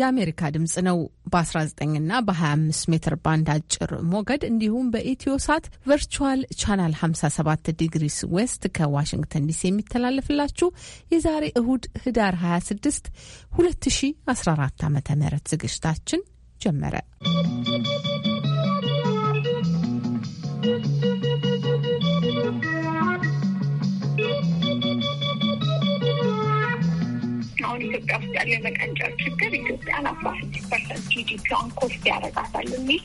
የአሜሪካ ድምጽ ነው። በ19ና በ25 ሜትር ባንድ አጭር ሞገድ እንዲሁም በኢትዮ ሳት ቨርቹዋል ቻናል 57 ዲግሪስ ዌስት ከዋሽንግተን ዲሲ የሚተላለፍላችሁ የዛሬ እሁድ ህዳር 26 2014 ዓ ም ዝግጅታችን ጀመረ። ኢትዮጵያ ውስጥ ያለ የመቀንጨር ችግር ኢትዮጵያን አስራ ስድስት ፐርሰንት ጂዲፒዋን ኮስት ያደርጋታል የሚል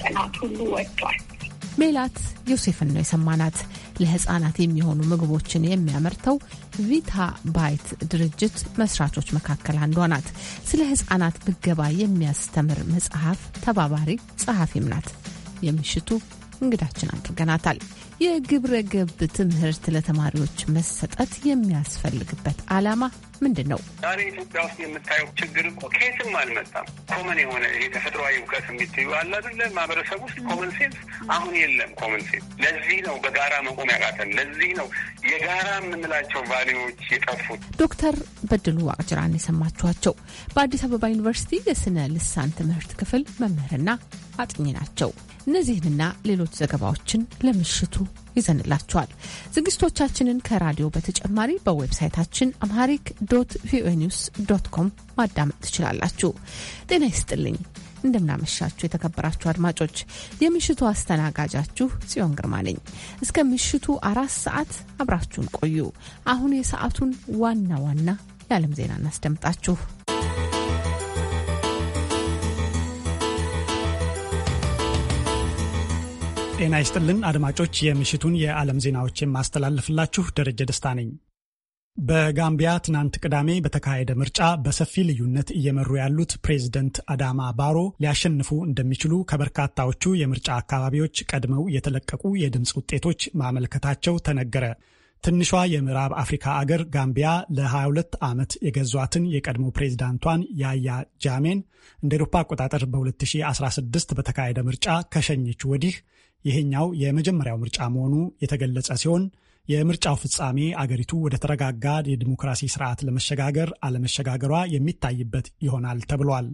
ጥናት ሁሉ ወጥቷል። ሜላት ዮሴፍን ነው የሰማናት። ለህጻናት የሚሆኑ ምግቦችን የሚያመርተው ቪታ ባይት ድርጅት መስራቾች መካከል አንዷ ናት። ስለ ህጻናት ምገባ የሚያስተምር መጽሐፍ ተባባሪ ጸሐፊም ናት። የምሽቱ እንግዳችን አድርገናታል። የግብረ ገብ ትምህርት ለተማሪዎች መሰጠት የሚያስፈልግበት ዓላማ ምንድን ነው? ዛሬ ኢትዮጵያ ውስጥ የምታየው ችግር እኮ ከየትም አልመጣም። ኮመን የሆነ ይሄ ተፈጥሯዊ እውቀት የምትዩ አለ አይደለ? ማህበረሰብ ውስጥ ኮመን ሴንስ አሁን የለም። ኮመን ሴንስ ለዚህ ነው በጋራ መቆም ያቃተን። ለዚህ ነው የጋራ የምንላቸው ቫሌዎች የጠፉት። ዶክተር በድሉ አቅጅራን የሰማችኋቸው በአዲስ አበባ ዩኒቨርሲቲ የስነ ልሳን ትምህርት ክፍል መምህርና አጥኚ ናቸው። እነዚህንና ሌሎች ዘገባዎችን ለምሽቱ ይዘንላችኋል። ዝግጅቶቻችንን ከራዲዮ በተጨማሪ በዌብሳይታችን አምሃሪክ ዶት ቪኦኤ ኒውስ ዶት ኮም ማዳመጥ ትችላላችሁ። ጤና ይስጥልኝ። እንደምናመሻችሁ የተከበራችሁ አድማጮች፣ የምሽቱ አስተናጋጃችሁ ጽዮን ግርማ ነኝ። እስከ ምሽቱ አራት ሰዓት አብራችሁን ቆዩ። አሁን የሰዓቱን ዋና ዋና የዓለም ዜና እናስደምጣችሁ። ጤና ይስጥልን አድማጮች፣ የምሽቱን የዓለም ዜናዎች የማስተላልፍላችሁ ደረጀ ደስታ ነኝ። በጋምቢያ ትናንት ቅዳሜ በተካሄደ ምርጫ በሰፊ ልዩነት እየመሩ ያሉት ፕሬዝደንት አዳማ ባሮ ሊያሸንፉ እንደሚችሉ ከበርካታዎቹ የምርጫ አካባቢዎች ቀድመው የተለቀቁ የድምፅ ውጤቶች ማመልከታቸው ተነገረ። ትንሿ የምዕራብ አፍሪካ አገር ጋምቢያ ለ22 ዓመት የገዟትን የቀድሞ ፕሬዝዳንቷን ያያ ጃሜን እንደ ኤሮፓ አቆጣጠር በ2016 በተካሄደ ምርጫ ከሸኘች ወዲህ ይሄኛው የመጀመሪያው ምርጫ መሆኑ የተገለጸ ሲሆን የምርጫው ፍጻሜ አገሪቱ ወደ ተረጋጋ የዲሞክራሲ ስርዓት ለመሸጋገር አለመሸጋገሯ የሚታይበት ይሆናል ተብሏል።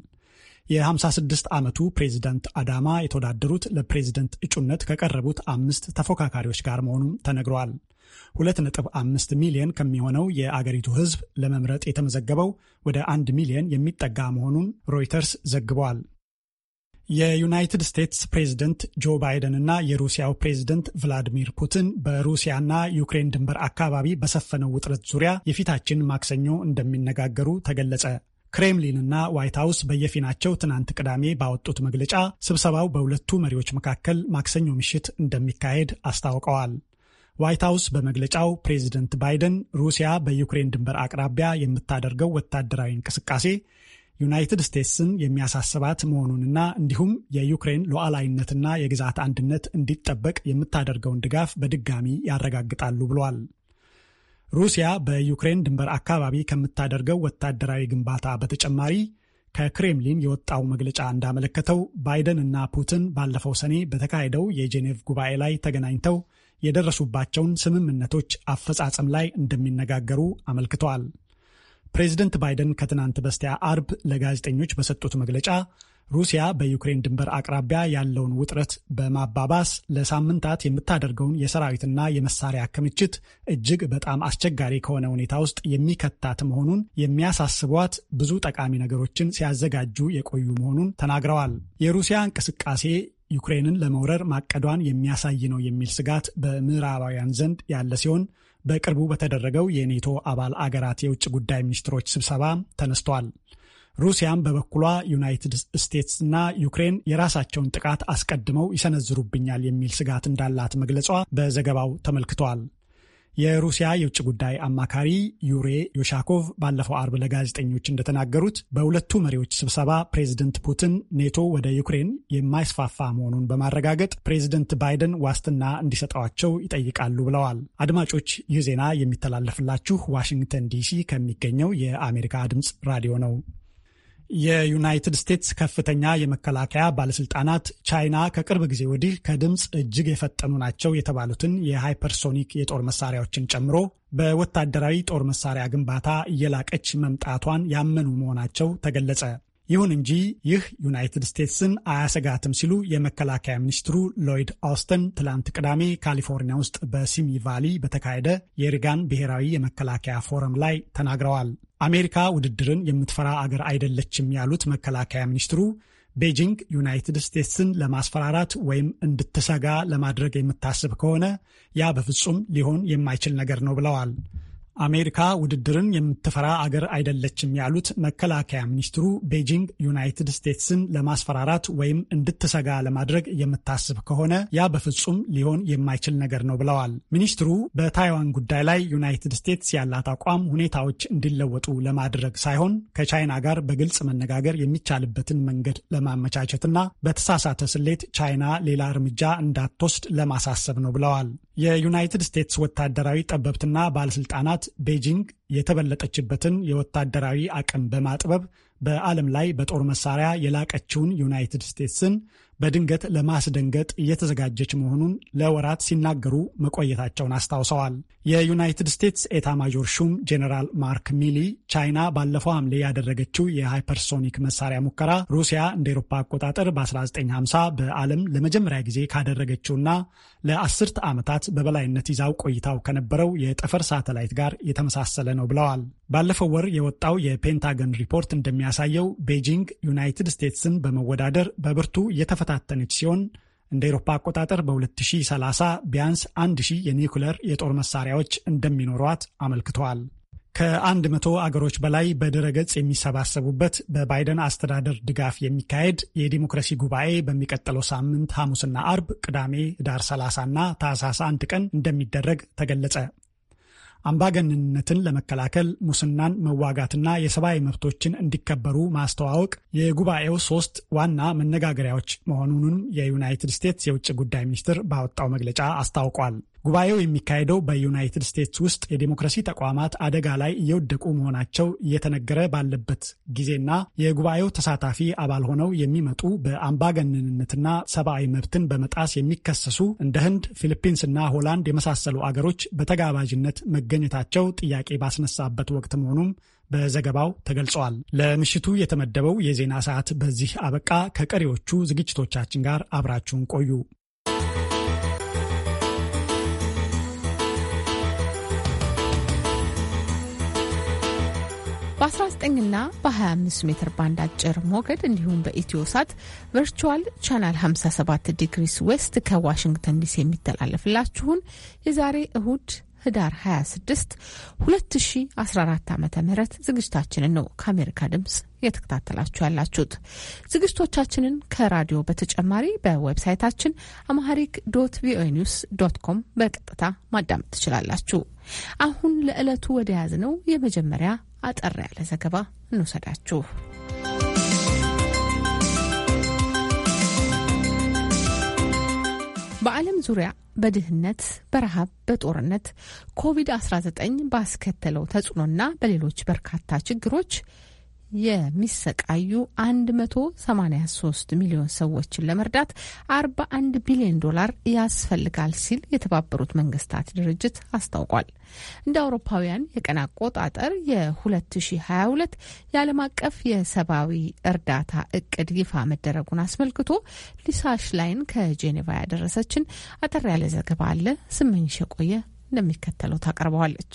የ56 ዓመቱ ፕሬዚደንት አዳማ የተወዳደሩት ለፕሬዚደንት እጩነት ከቀረቡት አምስት ተፎካካሪዎች ጋር መሆኑም ተነግሯል። 2.5 ሚሊዮን ከሚሆነው የአገሪቱ ሕዝብ ለመምረጥ የተመዘገበው ወደ 1 ሚሊዮን የሚጠጋ መሆኑን ሮይተርስ ዘግቧል። የዩናይትድ ስቴትስ ፕሬዝደንት ጆ እና የሩሲያው ፕሬዝደንት ቭላዲሚር ፑቲን በሩሲያና ዩክሬን ድንበር አካባቢ በሰፈነው ውጥረት ዙሪያ የፊታችን ማክሰኞ እንደሚነጋገሩ ተገለጸ። ክሬምሊንና ዋይት ሀውስ በየፊናቸው ትናንት ቅዳሜ ባወጡት መግለጫ ስብሰባው በሁለቱ መሪዎች መካከል ማክሰኞ ምሽት እንደሚካሄድ አስታውቀዋል። ዋይት ሀውስ በመግለጫው ፕሬዝደንት ባይደን ሩሲያ በዩክሬን ድንበር አቅራቢያ የምታደርገው ወታደራዊ እንቅስቃሴ ዩናይትድ ስቴትስን የሚያሳስባት መሆኑንና እንዲሁም የዩክሬን ሉዓላዊነትና የግዛት አንድነት እንዲጠበቅ የምታደርገውን ድጋፍ በድጋሚ ያረጋግጣሉ ብሏል። ሩሲያ በዩክሬን ድንበር አካባቢ ከምታደርገው ወታደራዊ ግንባታ በተጨማሪ ከክሬምሊን የወጣው መግለጫ እንዳመለከተው ባይደን እና ፑቲን ባለፈው ሰኔ በተካሄደው የጄኔቭ ጉባኤ ላይ ተገናኝተው የደረሱባቸውን ስምምነቶች አፈጻጸም ላይ እንደሚነጋገሩ አመልክተዋል። ፕሬዚደንት ባይደን ከትናንት በስቲያ አርብ ለጋዜጠኞች በሰጡት መግለጫ ሩሲያ በዩክሬን ድንበር አቅራቢያ ያለውን ውጥረት በማባባስ ለሳምንታት የምታደርገውን የሰራዊትና የመሳሪያ ክምችት እጅግ በጣም አስቸጋሪ ከሆነ ሁኔታ ውስጥ የሚከታት መሆኑን የሚያሳስቧት ብዙ ጠቃሚ ነገሮችን ሲያዘጋጁ የቆዩ መሆኑን ተናግረዋል። የሩሲያ እንቅስቃሴ ዩክሬንን ለመውረር ማቀዷን የሚያሳይ ነው የሚል ስጋት በምዕራባውያን ዘንድ ያለ ሲሆን በቅርቡ በተደረገው የኔቶ አባል አገራት የውጭ ጉዳይ ሚኒስትሮች ስብሰባ ተነስቷል። ሩሲያም በበኩሏ ዩናይትድ ስቴትስ እና ዩክሬን የራሳቸውን ጥቃት አስቀድመው ይሰነዝሩብኛል የሚል ስጋት እንዳላት መግለጿ በዘገባው ተመልክቷል። የሩሲያ የውጭ ጉዳይ አማካሪ ዩሬ ዮሻኮቭ ባለፈው አርብ ለጋዜጠኞች እንደተናገሩት በሁለቱ መሪዎች ስብሰባ ፕሬዚደንት ፑቲን ኔቶ ወደ ዩክሬን የማይስፋፋ መሆኑን በማረጋገጥ ፕሬዚደንት ባይደን ዋስትና እንዲሰጠዋቸው ይጠይቃሉ ብለዋል። አድማጮች፣ ይህ ዜና የሚተላለፍላችሁ ዋሽንግተን ዲሲ ከሚገኘው የአሜሪካ ድምፅ ራዲዮ ነው። የዩናይትድ ስቴትስ ከፍተኛ የመከላከያ ባለስልጣናት ቻይና ከቅርብ ጊዜ ወዲህ ከድምፅ እጅግ የፈጠኑ ናቸው የተባሉትን የሃይፐርሶኒክ የጦር መሳሪያዎችን ጨምሮ በወታደራዊ ጦር መሳሪያ ግንባታ እየላቀች መምጣቷን ያመኑ መሆናቸው ተገለጸ። ይሁን እንጂ ይህ ዩናይትድ ስቴትስን አያሰጋትም ሲሉ የመከላከያ ሚኒስትሩ ሎይድ ኦስተን ትላንት ቅዳሜ ካሊፎርኒያ ውስጥ በሲሚ ቫሊ በተካሄደ የሪጋን ብሔራዊ የመከላከያ ፎረም ላይ ተናግረዋል። አሜሪካ ውድድርን የምትፈራ አገር አይደለችም ያሉት መከላከያ ሚኒስትሩ ቤጂንግ ዩናይትድ ስቴትስን ለማስፈራራት ወይም እንድትሰጋ ለማድረግ የምታስብ ከሆነ ያ በፍጹም ሊሆን የማይችል ነገር ነው ብለዋል። አሜሪካ ውድድርን የምትፈራ አገር አይደለችም ያሉት መከላከያ ሚኒስትሩ ቤጂንግ ዩናይትድ ስቴትስን ለማስፈራራት ወይም እንድትሰጋ ለማድረግ የምታስብ ከሆነ ያ በፍጹም ሊሆን የማይችል ነገር ነው ብለዋል። ሚኒስትሩ በታይዋን ጉዳይ ላይ ዩናይትድ ስቴትስ ያላት አቋም ሁኔታዎች እንዲለወጡ ለማድረግ ሳይሆን ከቻይና ጋር በግልጽ መነጋገር የሚቻልበትን መንገድ ለማመቻቸትና በተሳሳተ ስሌት ቻይና ሌላ እርምጃ እንዳትወስድ ለማሳሰብ ነው ብለዋል። የዩናይትድ ስቴትስ ወታደራዊ ጠበብትና ባለስልጣናት ቤጂንግ የተበለጠችበትን የወታደራዊ አቅም በማጥበብ በዓለም ላይ በጦር መሳሪያ የላቀችውን ዩናይትድ ስቴትስን በድንገት ለማስደንገጥ እየተዘጋጀች መሆኑን ለወራት ሲናገሩ መቆየታቸውን አስታውሰዋል። የዩናይትድ ስቴትስ ኤታ ማጆር ሹም ጄኔራል ማርክ ሚሊ ቻይና ባለፈው ሐምሌ ያደረገችው የሃይፐርሶኒክ መሳሪያ ሙከራ ሩሲያ እንደ ኤሮፓ አቆጣጠር በ1950 በዓለም ለመጀመሪያ ጊዜ ካደረገችውና ለአስርት ዓመታት በበላይነት ይዛው ቆይታው ከነበረው የጠፈር ሳተላይት ጋር የተመሳሰለ ነው ብለዋል። ባለፈው ወር የወጣው የፔንታገን ሪፖርት እንደሚያሳየው ቤጂንግ ዩናይትድ ስቴትስን በመወዳደር በብርቱ እየተፈ የተፈታተነች ሲሆን እንደ ኤሮፓ አቆጣጠር በ2030 ቢያንስ 1000 የኒውክለር የጦር መሳሪያዎች እንደሚኖሯት አመልክተዋል። ከአንድ መቶ አገሮች በላይ በድረገጽ የሚሰባሰቡበት በባይደን አስተዳደር ድጋፍ የሚካሄድ የዲሞክራሲ ጉባኤ በሚቀጥለው ሳምንት ሐሙስና አርብ፣ ቅዳሜ ዳር 30 እና ታህሳስ 1 ቀን እንደሚደረግ ተገለጸ። አምባገነንነትን ለመከላከል ሙስናን መዋጋትና የሰብአዊ መብቶችን እንዲከበሩ ማስተዋወቅ የጉባኤው ሶስት ዋና መነጋገሪያዎች መሆኑንም የዩናይትድ ስቴትስ የውጭ ጉዳይ ሚኒስትር ባወጣው መግለጫ አስታውቋል። ጉባኤው የሚካሄደው በዩናይትድ ስቴትስ ውስጥ የዴሞክራሲ ተቋማት አደጋ ላይ እየወደቁ መሆናቸው እየተነገረ ባለበት ጊዜና የጉባኤው ተሳታፊ አባል ሆነው የሚመጡ በአምባገነንነትና ሰብአዊ መብትን በመጣስ የሚከሰሱ እንደ ህንድ፣ እና ሆላንድ የመሳሰሉ አገሮች በተጋባዥነት መገኘታቸው ጥያቄ ባስነሳበት ወቅት መሆኑም በዘገባው ተገልጸዋል። ለምሽቱ የተመደበው የዜና ሰዓት በዚህ አበቃ። ከቀሪዎቹ ዝግጅቶቻችን ጋር አብራችሁን ቆዩ። በ19 ና በ25 ሜትር ባንድ አጭር ሞገድ እንዲሁም በኢትዮ ሳት ቨርቹዋል ቻናል 57 ዲግሪስ ዌስት ከዋሽንግተን ዲሲ የሚተላለፍላችሁን የዛሬ እሁድ ህዳር 26 2014 ዓ ም ዝግጅታችንን ነው ከአሜሪካ ድምፅ እየተከታተላችሁ ያላችሁት። ዝግጅቶቻችንን ከራዲዮ በተጨማሪ በዌብሳይታችን አማሃሪክ ዶት ቪኦኤ ኒውስ ዶት ኮም በቀጥታ ማዳመጥ ትችላላችሁ። አሁን ለዕለቱ ወደ ያዝ ነው የመጀመሪያ አጠር ያለ ዘገባ እንውሰዳችሁ። በዓለም ዙሪያ በድህነት፣ በረሃብ፣ በጦርነት፣ ኮቪድ-19 ባስከተለው ተጽዕኖና በሌሎች በርካታ ችግሮች የሚሰቃዩ 183 ሚሊዮን ሰዎችን ለመርዳት 41 ቢሊዮን ዶላር ያስፈልጋል ሲል የተባበሩት መንግስታት ድርጅት አስታውቋል። እንደ አውሮፓውያን የቀን አቆጣጠር የ2022 የዓለም አቀፍ የሰብአዊ እርዳታ እቅድ ይፋ መደረጉን አስመልክቶ ሊሳሽ ላይን ከጄኔቫ ያደረሰችን አጠር ያለ ዘገባ አለ። ስመኝሽ የቆየ እንደሚከተለው ታቀርበዋለች።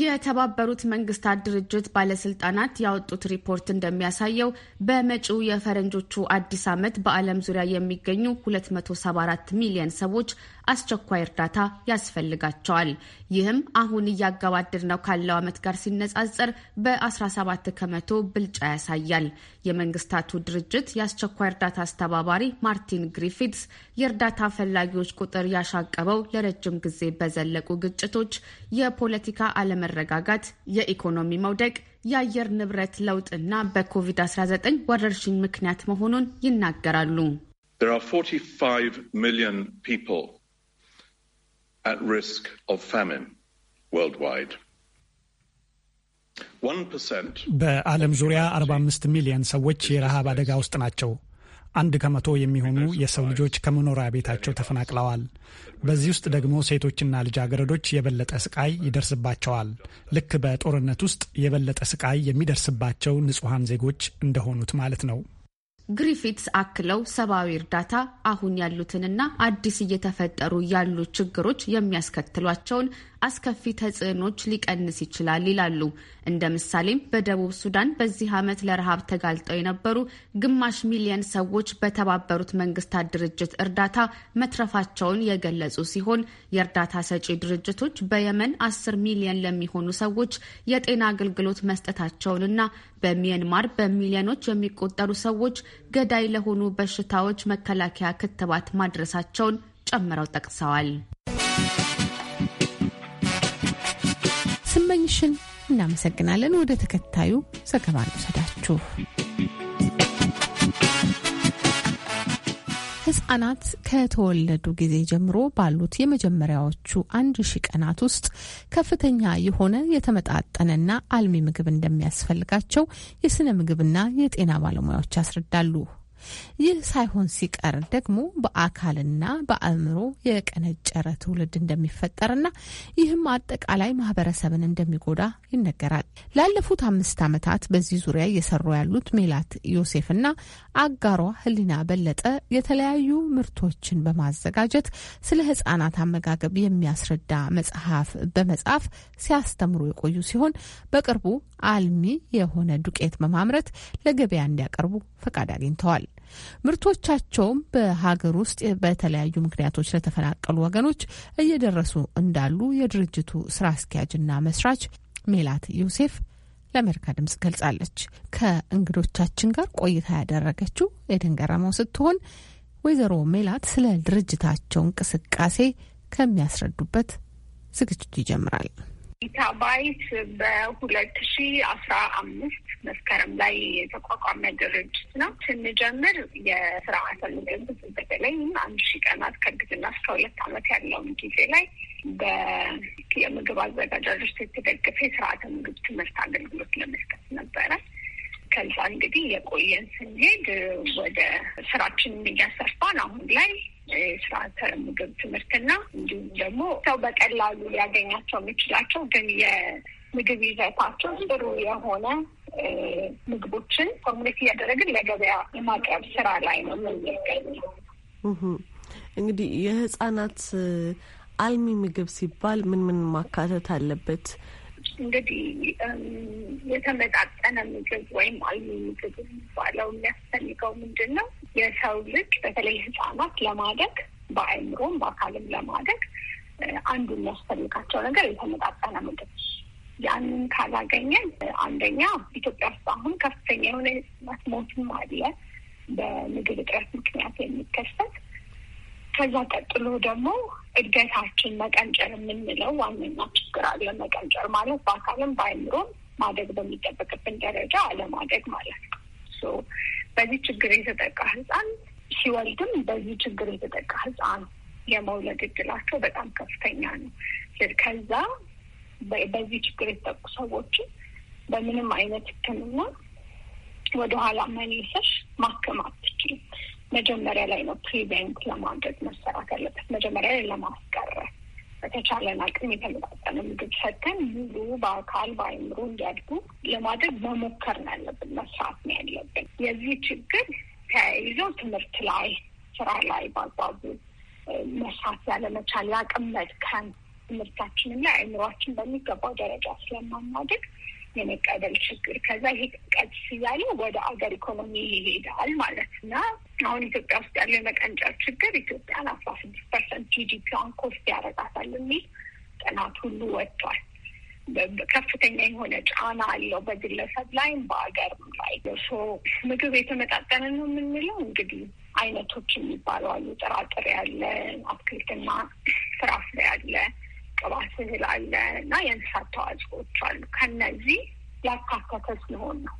የተባበሩት መንግስታት ድርጅት ባለስልጣናት ያወጡት ሪፖርት እንደሚያሳየው በመጪው የፈረንጆቹ አዲስ ዓመት በዓለም ዙሪያ የሚገኙ 274 ሚሊዮን ሰዎች አስቸኳይ እርዳታ ያስፈልጋቸዋል። ይህም አሁን እያገባደድ ነው ካለው ዓመት ጋር ሲነጻጸር በ17 ከመቶ ብልጫ ያሳያል። የመንግስታቱ ድርጅት የአስቸኳይ እርዳታ አስተባባሪ ማርቲን ግሪፊትስ የእርዳታ ፈላጊዎች ቁጥር ያሻቀበው ለረጅም ጊዜ በዘለቁ ግጭቶች፣ የፖለቲካ አለመረጋጋት፣ የኢኮኖሚ መውደቅ የአየር ንብረት ለውጥ እና በኮቪድ-19 ወረርሽኝ ምክንያት መሆኑን ይናገራሉ። 45 at risk of famine worldwide. በዓለም ዙሪያ 45 ሚሊዮን ሰዎች የረሃብ አደጋ ውስጥ ናቸው። አንድ ከመቶ የሚሆኑ የሰው ልጆች ከመኖሪያ ቤታቸው ተፈናቅለዋል። በዚህ ውስጥ ደግሞ ሴቶችና ልጃገረዶች የበለጠ ስቃይ ይደርስባቸዋል። ልክ በጦርነት ውስጥ የበለጠ ስቃይ የሚደርስባቸው ንጹሐን ዜጎች እንደሆኑት ማለት ነው። ግሪፊትስ አክለው ሰብአዊ እርዳታ አሁን ያሉትንና አዲስ እየተፈጠሩ ያሉ ችግሮች የሚያስከትሏቸውን አስከፊ ተጽዕኖች ሊቀንስ ይችላል ይላሉ። እንደ ምሳሌም በደቡብ ሱዳን በዚህ ዓመት ለረሃብ ተጋልጠው የነበሩ ግማሽ ሚሊየን ሰዎች በተባበሩት መንግስታት ድርጅት እርዳታ መትረፋቸውን የገለጹ ሲሆን የእርዳታ ሰጪ ድርጅቶች በየመን አስር ሚሊየን ለሚሆኑ ሰዎች የጤና አገልግሎት መስጠታቸውንና በሚያንማር በሚሊዮኖች የሚቆጠሩ ሰዎች ገዳይ ለሆኑ በሽታዎች መከላከያ ክትባት ማድረሳቸውን ጨምረው ጠቅሰዋል። ዳይሚሽን እናመሰግናለን። ወደ ተከታዩ ዘገባ እንውሰዳችሁ። ህጻናት ከተወለዱ ጊዜ ጀምሮ ባሉት የመጀመሪያዎቹ አንድ ሺህ ቀናት ውስጥ ከፍተኛ የሆነ የተመጣጠነና አልሚ ምግብ እንደሚያስፈልጋቸው የስነ ምግብና የጤና ባለሙያዎች ያስረዳሉ። ይህ ሳይሆን ሲቀር ደግሞ በአካልና በአእምሮ የቀነጨረ ትውልድ እንደሚፈጠርና ይህም አጠቃላይ ማህበረሰብን እንደሚጎዳ ይነገራል። ላለፉት አምስት ዓመታት በዚህ ዙሪያ እየሰሩ ያሉት ሜላት ዮሴፍና አጋሯ ህሊና በለጠ የተለያዩ ምርቶችን በማዘጋጀት ስለ ህጻናት አመጋገብ የሚያስረዳ መጽሐፍ በመጻፍ ሲያስተምሩ የቆዩ ሲሆን በቅርቡ አልሚ የሆነ ዱቄት በማምረት ለገበያ እንዲያቀርቡ ፈቃድ አግኝተዋል። ምርቶቻቸውም በሀገር ውስጥ በተለያዩ ምክንያቶች ለተፈናቀሉ ወገኖች እየደረሱ እንዳሉ የድርጅቱ ስራ አስኪያጅና መስራች ሜላት ዮሴፍ ለአሜሪካ ድምጽ ገልጻለች። ከእንግዶቻችን ጋር ቆይታ ያደረገችው ኤደን ገረመው ስትሆን ወይዘሮ ሜላት ስለ ድርጅታቸው እንቅስቃሴ ከሚያስረዱበት ዝግጅቱ ይጀምራል። ኢታባይት በሁለት ሺ አስራ አምስት መስከረም ላይ የተቋቋመ ድርጅት ነው። ስንጀምር የስርዓተ ምግብ በተለይም አንድ ሺ ቀናት ከእርግዝና እስከ ሁለት ዓመት ያለውን ጊዜ ላይ በየምግብ አዘጋጃጆች የተደገፈ የስርዓተ ምግብ ትምህርት አገልግሎት ለመስጠት ነበረ። ከዛ እንግዲህ የቆየን ስንሄድ ወደ ስራችን እያሰፋን አሁን ላይ ስርዓተ ምግብ ትምህርትና እንዲሁም ደግሞ ሰው በቀላሉ ሊያገኛቸው የሚችላቸው ግን የምግብ ይዘታቸው ጥሩ የሆነ ምግቦችን ኮሚኒቲ እያደረግን ለገበያ የማቅረብ ስራ ላይ ነው የምንገኘው። እንግዲህ የህጻናት አልሚ ምግብ ሲባል ምን ምን ማካተት አለበት? እንግዲህ የተመጣጠነ ምግብ ወይም አሉ ምግብ የሚባለው የሚያስፈልገው ምንድን ነው? የሰው ልጅ በተለይ ህጻናት ለማደግ በአእምሮም በአካልም ለማደግ አንዱ የሚያስፈልጋቸው ነገር የተመጣጠነ ምግብ ያንን ካላገኘን አንደኛ ኢትዮጵያ ውስጥ አሁን ከፍተኛ የሆነ የህጻናት ሞትም አለ በምግብ እጥረት ምክንያት የሚከሰት ከዛ ቀጥሎ ደግሞ እድገታችን መቀንጨር የምንለው ዋነኛ ችግር አለ። መቀንጨር ማለት በአካልም በአይምሮም ማደግ በሚጠበቅብን ደረጃ አለማደግ ማለት ነው። በዚህ ችግር የተጠቃ ህፃን ሲወልድም በዚህ ችግር የተጠቃ ህፃን የመውለድ እድላቸው በጣም ከፍተኛ ነው። ከዛ በዚህ ችግር የተጠቁ ሰዎችን በምንም አይነት ሕክምና ወደኋላ መመለስ ማከም አትችልም። መጀመሪያ ላይ ነው ፕሪቬንት ለማድረግ መሰራት ያለበት። መጀመሪያ ላይ ለማስቀረ በተቻለን አቅም የተመጣጠነ ምግብ ሰተን ሙሉ በአካል በአይምሮ እንዲያድጉ ለማድረግ መሞከር ነው ያለብን፣ መስራት ነው ያለብን። የዚህ ችግር ተያይዘው ትምህርት ላይ፣ ስራ ላይ በአግባቡ መስራት ያለመቻል፣ የአቅም መድከም ትምህርታችንን ላይ አይምሯችን በሚገባው ደረጃ ስለማናድግ የመቀበል ችግር ከዛ ይሄ ቀስ እያለ ወደ አገር ኢኮኖሚ ይሄዳል ማለት እና አሁን ኢትዮጵያ ውስጥ ያለው የመቀንጨር ችግር ኢትዮጵያን አስራ ስድስት ፐርሰንት ጂዲፒዋን ኮስት ያደርጋታል የሚል ጥናት ሁሉ ወጥቷል። ከፍተኛ የሆነ ጫና አለው በግለሰብ ላይም በአገርም ላይ። ምግብ የተመጣጠነ ነው የምንለው እንግዲህ አይነቶች የሚባሉ አሉ። ጥራጥሬ አለ፣ አትክልትና ፍራፍሬ አለ፣ ቅባት እህል አለ እና የእንስሳት ተዋጽኦች አሉ። ከነዚህ ያካተተ ሲሆን ነው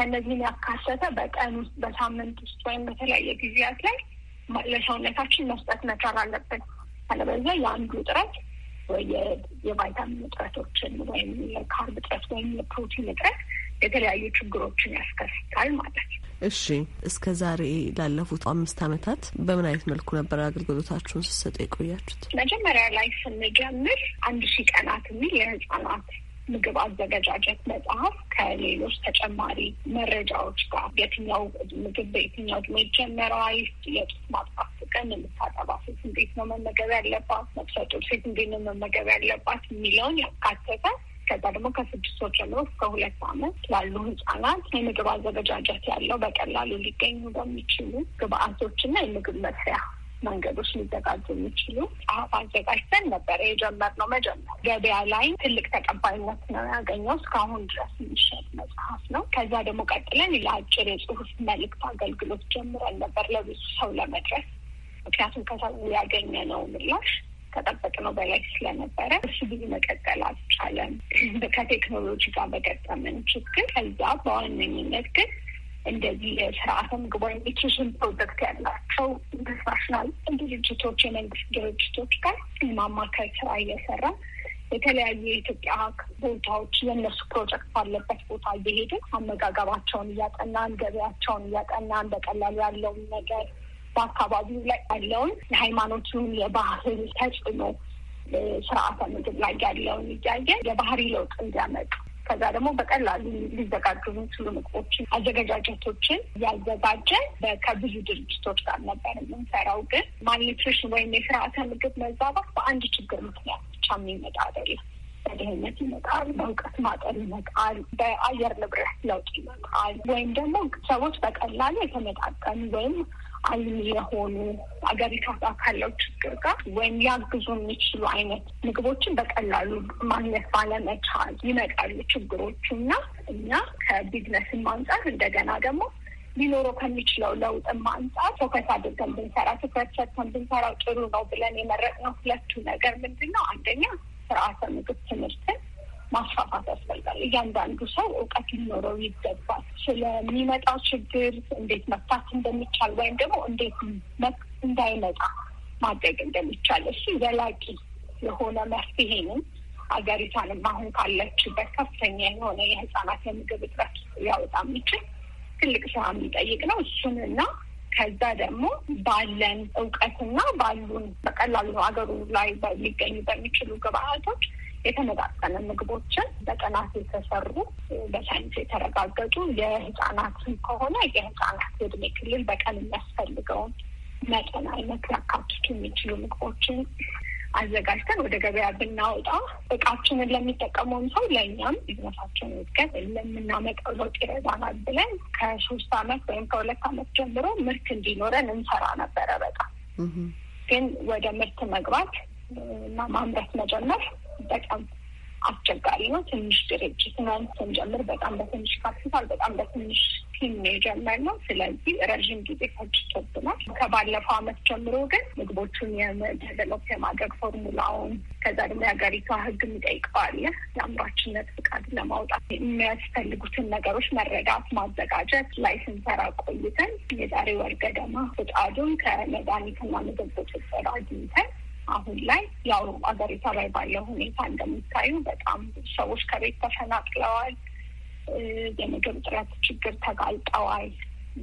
ከእነዚህን ያካተተ በቀን ውስጥ በሳምንት ውስጥ ወይም በተለያየ ጊዜያት ላይ ለሰውነታችን መስጠት መቻል አለብን። አለበለዚያ የአንዱ እጥረት የቫይታሚን እጥረቶችን ወይም የካርብ እጥረት ወይም የፕሮቲን እጥረት የተለያዩ ችግሮችን ያስከስታል ማለት ነው። እሺ፣ እስከ ዛሬ ላለፉት አምስት ዓመታት በምን አይነት መልኩ ነበር አገልግሎታችሁን ስትሰጡ የቆያችሁት? መጀመሪያ ላይ ስንጀምር አንድ ሺህ ቀናት የሚል የህጻናት ምግብ አዘገጃጀት መጽሐፍ ከሌሎች ተጨማሪ መረጃዎች ጋር የትኛው ምግብ በየትኛው እድሜ ይጀመራል፣ የጡት ማጥፋት ፍቅን የምታጠባ ሴት እንዴት ነው መመገብ ያለባት፣ ነፍሰ ጡር ሴት እንዴት ነው መመገብ ያለባት የሚለውን ያካተተ ከዛ ደግሞ ከስድስት ወር ጀምሮ እስከ ሁለት ዓመት ላሉ ህጻናት የምግብ አዘገጃጀት ያለው በቀላሉ ሊገኙ በሚችሉ ግብአቶችና የምግብ መስሪያ መንገዶች ሊዘጋጁ የሚችሉ ጽሁፍ አዘጋጅተን ነበር የጀመርነው። መጀመር ገበያ ላይ ትልቅ ተቀባይነት ነው ያገኘው። እስካሁን ድረስ የሚሸጥ መጽሐፍ ነው። ከዛ ደግሞ ቀጥለን ለአጭር የጽሁፍ መልእክት አገልግሎት ጀምረን ነበር ለብዙ ሰው ለመድረስ ምክንያቱም ከሰው ያገኘ ነው ምላሽ ከጠበቅነው በላይ ስለነበረ እሱ ብዙ መቀጠል አልቻለም። ከቴክኖሎጂ ጋር በገጠመን ችግር ከዛ በዋነኝነት ግን እንደዚህ ምግብ ወይም ኒውትሪሽን ፕሮጀክት ያላቸው ኢንተርናሽናል ድርጅቶች፣ የመንግስት ድርጅቶች ጋር የማማከር ስራ እየሰራ የተለያዩ የኢትዮጵያ ቦታዎች የእነሱ ፕሮጀክት ባለበት ቦታ እየሄዱ አመጋገባቸውን እያጠናን፣ ገበያቸውን እያጠናን በቀላሉ ያለውን ነገር በአካባቢው ላይ ያለውን የሃይማኖቱን የባህል ተጽዕኖ ስርዓተ ምግብ ላይ ያለውን እያየ የባህሪ ለውጥ እንዲያመጡ ከዛ ደግሞ በቀላሉ ሊዘጋጁ የሚችሉ ምግቦችን አዘገጃጀቶችን ያዘጋጀ ከብዙ ድርጅቶች ጋር ነበር የምንሰራው። ግን ማልኒትሪሽን ወይም የስርዓተ ምግብ መዛባት በአንድ ችግር ምክንያት ብቻ የሚመጣ አይደለም። በድህነት ይመጣል፣ በእውቀት ማጠር ይመጣል፣ በአየር ንብረት ለውጥ ይመጣል፣ ወይም ደግሞ ሰዎች በቀላሉ የተመጣጠኑ ወይም አይን የሆኑ አገሪቷ ጋር ካለው ችግር ጋር ወይም ያግዙ የሚችሉ አይነት ምግቦችን በቀላሉ ማግኘት ባለመቻል ይመጣሉ ችግሮቹ እና እኛ ከቢዝነስም አንጻር እንደገና ደግሞ ሊኖረው ከሚችለው ለውጥም አንጻር ፎከስ አድርገን ብንሰራ ትኩረት ሰጥተን ብንሰራው ጥሩ ነው ብለን የመረጥነው ሁለቱ ነገር ምንድን ነው? አንደኛ ስርዓተ ምግብ ትምህርትን ማስፋፋት ያስፈልጋል። እያንዳንዱ ሰው እውቀት ሊኖረው ይገባል። ስለሚመጣው ችግር እንዴት መፍታት እንደሚቻል ወይም ደግሞ እንዴት እንዳይመጣ ማድረግ እንደሚቻል እሱ ዘላቂ የሆነ መፍትሄንም ሀገሪቷንም አሁን ካለችበት ከፍተኛ የሆነ የህጻናት የምግብ እጥረት ሊያወጣ የሚችል ትልቅ ስራ የሚጠይቅ ነው። እሱንና ከዛ ደግሞ ባለን እውቀትና ባሉን በቀላሉ ሀገሩ ላይ ሊገኙ በሚችሉ ግብአቶች የተመጣጠነ ምግቦችን በጥናት የተሰሩ በሳይንስ የተረጋገጡ የህፃናት ከሆነ የህፃናት እድሜ ክልል በቀን የሚያስፈልገውን መጠን አይነት ሊያካትቱ የሚችሉ ምግቦችን አዘጋጅተን ወደ ገበያ ብናወጣ እቃችንን ለሚጠቀመውን ሰው ለእኛም ቢዝነሳችን እድገት ለምናመጣው ለውጥ ይረዳናል ብለን ከሶስት አመት ወይም ከሁለት አመት ጀምሮ ምርት እንዲኖረን እንሰራ ነበረ። በጣም ግን ወደ ምርት መግባት እና ማምረት መጀመር በጣም አስቸጋሪ ነው። ትንሽ ድርጅት ነው ስንጀምር በጣም በትንሽ ካፒታል፣ በጣም በትንሽ ቲም ነው የጀመርነው። ስለዚህ ረዥም ጊዜ ፈጅቶብናል። ከባለፈው ዓመት ጀምሮ ግን ምግቦቹን የደቨሎፕ የማድረግ ፎርሙላውን፣ ከዛ ደግሞ የሀገሪቷ ህግ የሚጠይቀው የአምራችነት ፍቃድ ለማውጣት የሚያስፈልጉትን ነገሮች መረዳት፣ ማዘጋጀት ላይ ስንሰራ ቆይተን የዛሬ ወር ገደማ ፍቃዱን ከመድኃኒትና ምግብ ቁጥጥር አግኝተን አሁን ላይ ያው አገሪቷ ላይ ባለው ሁኔታ እንደሚታዩ በጣም ሰዎች ከቤት ተፈናቅለዋል፣ የምግብ እጥረት ችግር ተጋልጠዋል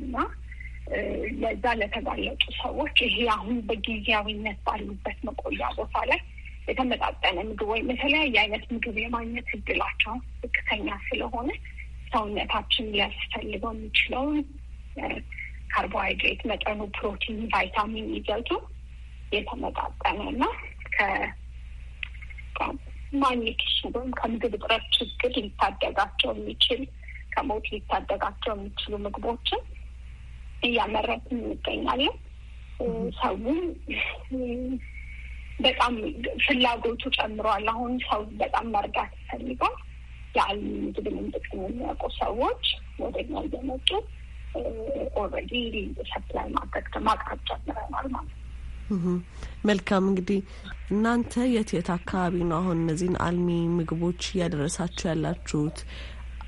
እና ለዛ ለተጋለጡ ሰዎች ይሄ አሁን በጊዜያዊነት ባሉበት መቆያ ቦታ ላይ የተመጣጠነ ምግብ ወይም የተለያየ አይነት ምግብ የማግኘት እድላቸው ዝቅተኛ ስለሆነ ሰውነታችን ሊያስፈልገው የሚችለውን ካርቦሃይድሬት መጠኑ፣ ፕሮቲን፣ ቫይታሚን ይዘቱ የተመጣጠነ እና ከማግኘት ወይም ከምግብ እጥረት ችግር ሊታደጋቸው የሚችል ከሞት ሊታደጋቸው የሚችሉ ምግቦችን እያመረትን እንገኛለን። ሰውም በጣም ፍላጎቱ ጨምሯል። አሁን ሰው በጣም መርዳት ይፈልጋል። የአልሚ ምግብንም ጥቅም የሚያውቁ ሰዎች ወደ እኛ እየመጡ ኦልሬዲ ሰፕላይ ማድረግ ማቅረብ ጨምረናል ማለት ነው። መልካም እንግዲህ እናንተ የት የት አካባቢ ነው አሁን እነዚህን አልሚ ምግቦች እያደረሳችሁ ያላችሁት?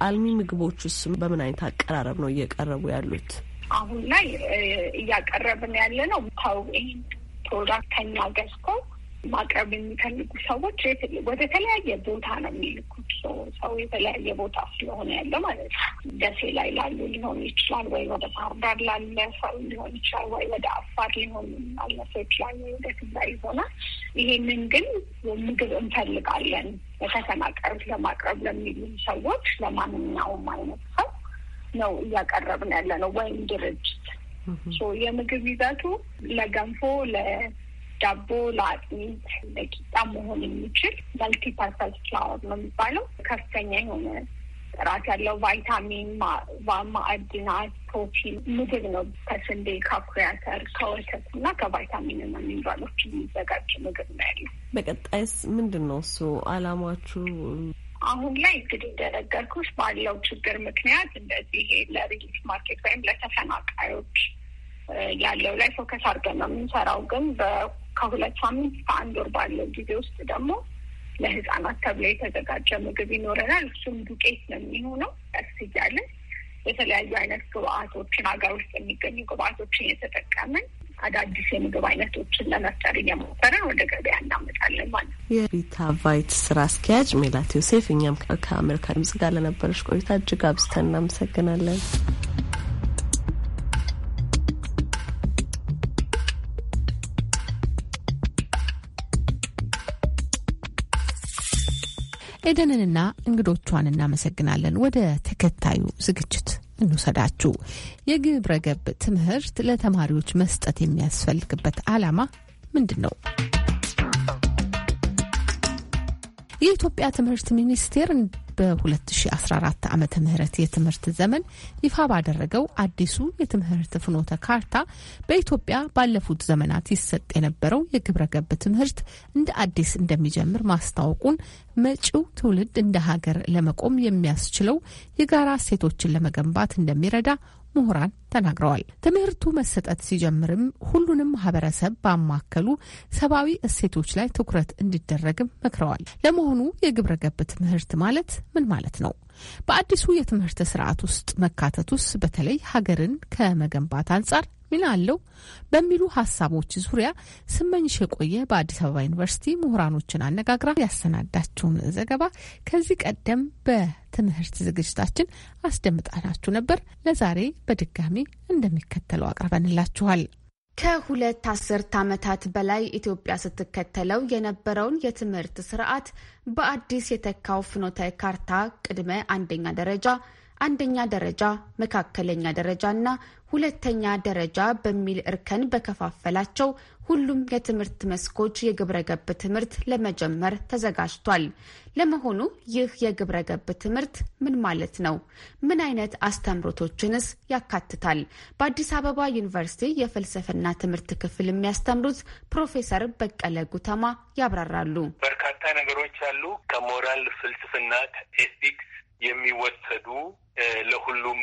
አልሚ ምግቦችስ በምን አይነት አቀራረብ ነው እየቀረቡ ያሉት? አሁን ላይ እያቀረብን ያለ ነው ይህን ፕሮዳክት ከኛ ገዝተው ማቅረብ የሚፈልጉ ሰዎች ወደ ተለያየ ቦታ ነው የሚልኩት። ሰው የተለያየ ቦታ ስለሆነ ያለ ማለት ነው። ደሴ ላይ ላሉ ሊሆን ይችላል፣ ወይ ወደ ባህር ዳር ላለ ሰው ሊሆን ይችላል፣ ወይ ወደ አፋር ሊሆን ሰው ይችላል፣ ወይ ወደ ትዛ ይሆናል። ይሄንን ግን ምግብ እንፈልጋለን በተፈናቀሩት ለማቅረብ ለሚሉ ሰዎች ለማንኛውም አይነት ሰው ነው እያቀረብን ያለ ነው ወይም ድርጅት የምግብ ይዘቱ ለገንፎ ለ ዳቦ ለአጥሚት ለቂጣ መሆን የሚችል መልቲ ፍላወር ነው የሚባለው። ከፍተኛ የሆነ ጥራት ያለው ቫይታሚን፣ ማዕድናት፣ ፕሮቲን ምግብ ነው። ከስንዴ ከኩሪያተር፣ ከወተት እና ከቫይታሚን እና ሚኒራሎች የሚዘጋጅ ምግብ ነው ያለው። በቀጣይስ ምንድን ነው እሱ አላማችሁ? አሁን ላይ እንግዲህ እንደነገርኩሽ ባለው ችግር ምክንያት እንደዚህ ለሪሊፍ ማርኬት ወይም ለተፈናቃዮች ያለው ላይ ፎከስ አድርገን ነው የምንሰራው ግን ከሁለት ሳምንት ከአንድ ወር ባለው ጊዜ ውስጥ ደግሞ ለህፃናት ተብሎ የተዘጋጀ ምግብ ይኖረናል። እሱም ዱቄት ነው የሚሆነው። ቀስ እያለን የተለያዩ አይነት ግብአቶችን ሀገር ውስጥ የሚገኙ ግብአቶችን እየተጠቀምን አዳዲስ የምግብ አይነቶችን ለመፍጠር እየሞከረን ወደ ገበያ እናመጣለን ማለት ነው። የሪታ ቫይት ስራ አስኪያጅ ሜላት ዮሴፍ፣ እኛም ከአሜሪካ ድምጽ ጋር ለነበረች ቆይታ እጅግ አብዝተን እናመሰግናለን። ኤደንንና እንግዶቿን እናመሰግናለን። ወደ ተከታዩ ዝግጅት እንውሰዳችሁ። የግብረ ገብ ትምህርት ለተማሪዎች መስጠት የሚያስፈልግበት ዓላማ ምንድን ነው? የኢትዮጵያ ትምህርት ሚኒስቴር በ2014 ዓመተ ምህረት የትምህርት ዘመን ይፋ ባደረገው አዲሱ የትምህርት ፍኖተ ካርታ በኢትዮጵያ ባለፉት ዘመናት ይሰጥ የነበረው የግብረ ገብ ትምህርት እንደ አዲስ እንደሚጀምር ማስታወቁን መጪው ትውልድ እንደ ሀገር ለመቆም የሚያስችለው የጋራ ሴቶችን ለመገንባት እንደሚረዳ ምሁራን ተናግረዋል። ትምህርቱ መሰጠት ሲጀምርም ሁሉንም ማህበረሰብ ባማከሉ ሰብአዊ እሴቶች ላይ ትኩረት እንዲደረግም መክረዋል። ለመሆኑ የግብረ ገብ ትምህርት ማለት ምን ማለት ነው? በአዲሱ የትምህርት ስርዓት ውስጥ መካተቱስ በተለይ ሀገርን ከመገንባት አንጻር ሚና አለው በሚሉ ሀሳቦች ዙሪያ ስመኝሽ የቆየ በአዲስ አበባ ዩኒቨርሲቲ ምሁራኖችን አነጋግራ ያሰናዳችውን ዘገባ ከዚህ ቀደም በትምህርት ዝግጅታችን አስደምጣናችሁ ነበር። ለዛሬ በድጋሚ እንደሚከተለው አቅርበንላችኋል። ከሁለት አስርት ዓመታት በላይ ኢትዮጵያ ስትከተለው የነበረውን የትምህርት ስርዓት በአዲስ የተካው ፍኖተ ካርታ ቅድመ አንደኛ ደረጃ፣ አንደኛ ደረጃ፣ መካከለኛ ደረጃ እና ሁለተኛ ደረጃ በሚል እርከን በከፋፈላቸው ሁሉም የትምህርት መስኮች የግብረ ገብ ትምህርት ለመጀመር ተዘጋጅቷል። ለመሆኑ ይህ የግብረ ገብ ትምህርት ምን ማለት ነው? ምን አይነት አስተምሮቶችንስ ያካትታል? በአዲስ አበባ ዩኒቨርሲቲ የፍልስፍና ትምህርት ክፍል የሚያስተምሩት ፕሮፌሰር በቀለ ጉተማ ያብራራሉ። በርካታ ነገሮች አሉ። ከሞራል ፍልስፍና፣ ከኤቲክስ የሚወሰዱ ለሁሉም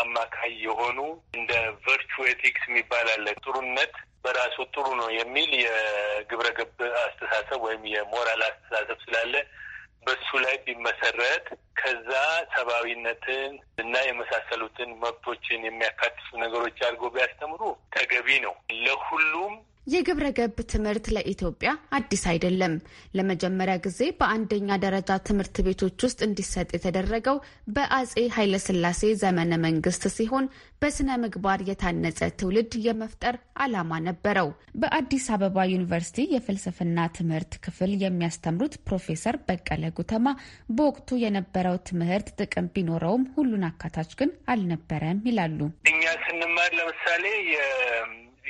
አማካይ የሆኑ እንደ ቨርቹ ኤቲክስ የሚባል አለ። ጥሩነት በራሱ ጥሩ ነው የሚል የግብረ ገብ አስተሳሰብ ወይም የሞራል አስተሳሰብ ስላለ በሱ ላይ ቢመሰረት ከዛ ሰብአዊነትን እና የመሳሰሉትን መብቶችን የሚያካትቱ ነገሮች አድርጎ ቢያስተምሩ ተገቢ ነው ለሁሉም የግብረ ገብ ትምህርት ለኢትዮጵያ አዲስ አይደለም። ለመጀመሪያ ጊዜ በአንደኛ ደረጃ ትምህርት ቤቶች ውስጥ እንዲሰጥ የተደረገው በአጼ ኃይለስላሴ ዘመነ መንግስት ሲሆን በስነ ምግባር የታነጸ ትውልድ የመፍጠር ዓላማ ነበረው። በአዲስ አበባ ዩኒቨርሲቲ የፍልስፍና ትምህርት ክፍል የሚያስተምሩት ፕሮፌሰር በቀለ ጉተማ በወቅቱ የነበረው ትምህርት ጥቅም ቢኖረውም ሁሉን አካታች ግን አልነበረም ይላሉ። እኛ ስንማር ለምሳሌ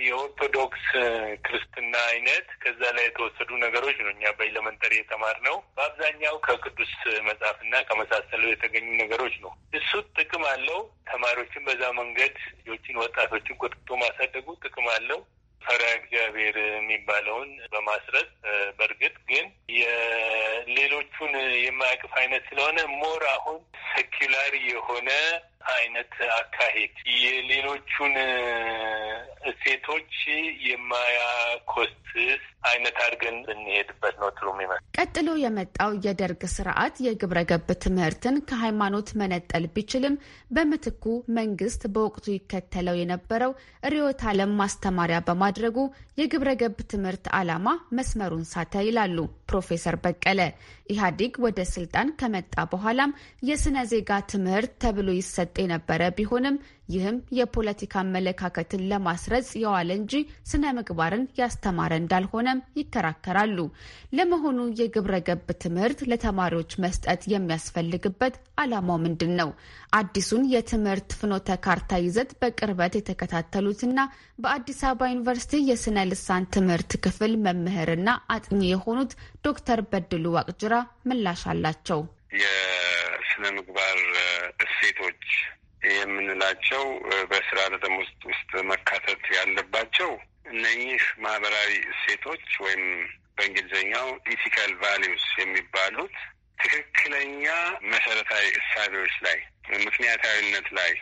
የኦርቶዶክስ ክርስትና አይነት ከዛ ላይ የተወሰዱ ነገሮች ነው። እኛ በኤለመንተሪ የተማርነው በአብዛኛው ከቅዱስ መጽሐፍና ከመሳሰሉ የተገኙ ነገሮች ነው። እሱ ጥቅም አለው። ተማሪዎችን በዛ መንገድ ልጆችን፣ ወጣቶችን ቆጥቶ ማሳደጉ ጥቅም አለው። ፈሪሃ እግዚአብሔር የሚባለውን በማስረጽ በእርግጥ ግን የሌሎቹን የማያቅፍ አይነት ስለሆነ ሞር አሁን ሴኪላር የሆነ አይነት አካሄድ የሌሎቹን ሴቶች የማያኮስስ አይነት አድርገን እንሄድበት ነው ትሉ ይመስል ቀጥሎ የመጣው የደርግ ስርዓት የግብረ ገብ ትምህርትን ከሃይማኖት መነጠል ቢችልም በምትኩ መንግስት በወቅቱ ይከተለው የነበረው ርዕዮተ ዓለም ማስተማሪያ በማድረጉ የግብረ ገብ ትምህርት ዓላማ መስመሩን ሳተ ይላሉ ፕሮፌሰር በቀለ። ኢህአዴግ ወደ ስልጣን ከመጣ በኋላም የስነ ዜጋ ትምህርት ተብሎ ይሰጥ የነበረ ቢሆንም ይህም የፖለቲካ አመለካከትን ለማስረጽ የዋለ እንጂ ስነ ምግባርን ያስተማረ እንዳልሆነ እንደሆነም ይከራከራሉ። ለመሆኑ የግብረ ገብ ትምህርት ለተማሪዎች መስጠት የሚያስፈልግበት ዓላማው ምንድን ነው? አዲሱን የትምህርት ፍኖተ ካርታ ይዘት በቅርበት የተከታተሉትና በአዲስ አበባ ዩኒቨርሲቲ የስነ ልሳን ትምህርት ክፍል መምህርና አጥኚ የሆኑት ዶክተር በድሉ ዋቅጅራ ምላሽ አላቸው። የስነ ምግባር እሴቶች የምንላቸው በስርዓተ ውስጥ ውስጥ መካተት ያለባቸው እነኚህ ማህበራዊ እሴቶች ወይም በእንግሊዝኛው ኢቲካል ቫሊዩስ የሚባሉት ትክክለኛ መሰረታዊ እሳቤዎች ላይ ምክንያታዊነት ላይ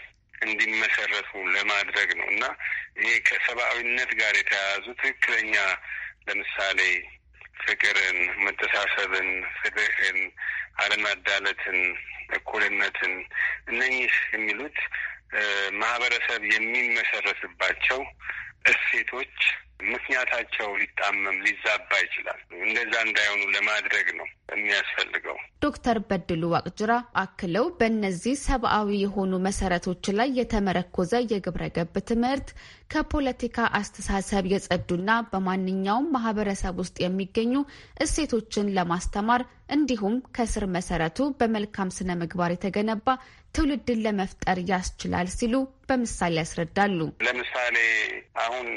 እንዲመሰረቱ ለማድረግ ነው እና ይሄ ከሰብአዊነት ጋር የተያያዙ ትክክለኛ ለምሳሌ ፍቅርን፣ መተሳሰብን፣ ፍትህን፣ አለማዳለትን፣ እኩልነትን እነኚህ የሚሉት ማህበረሰብ የሚመሰረትባቸው እሴቶች ምክንያታቸው ሊጣመም ሊዛባ ይችላል። እንደዛ እንዳይሆኑ ለማድረግ ነው የሚያስፈልገው። ዶክተር በድሉ ዋቅጅራ አክለው በእነዚህ ሰብአዊ የሆኑ መሰረቶች ላይ የተመረኮዘ የግብረ ገብ ትምህርት ከፖለቲካ አስተሳሰብ የጸዱና በማንኛውም ማህበረሰብ ውስጥ የሚገኙ እሴቶችን ለማስተማር እንዲሁም ከስር መሰረቱ በመልካም ስነ ምግባር የተገነባ ትውልድን ለመፍጠር ያስችላል ሲሉ በምሳሌ ያስረዳሉ። ለምሳሌ አሁን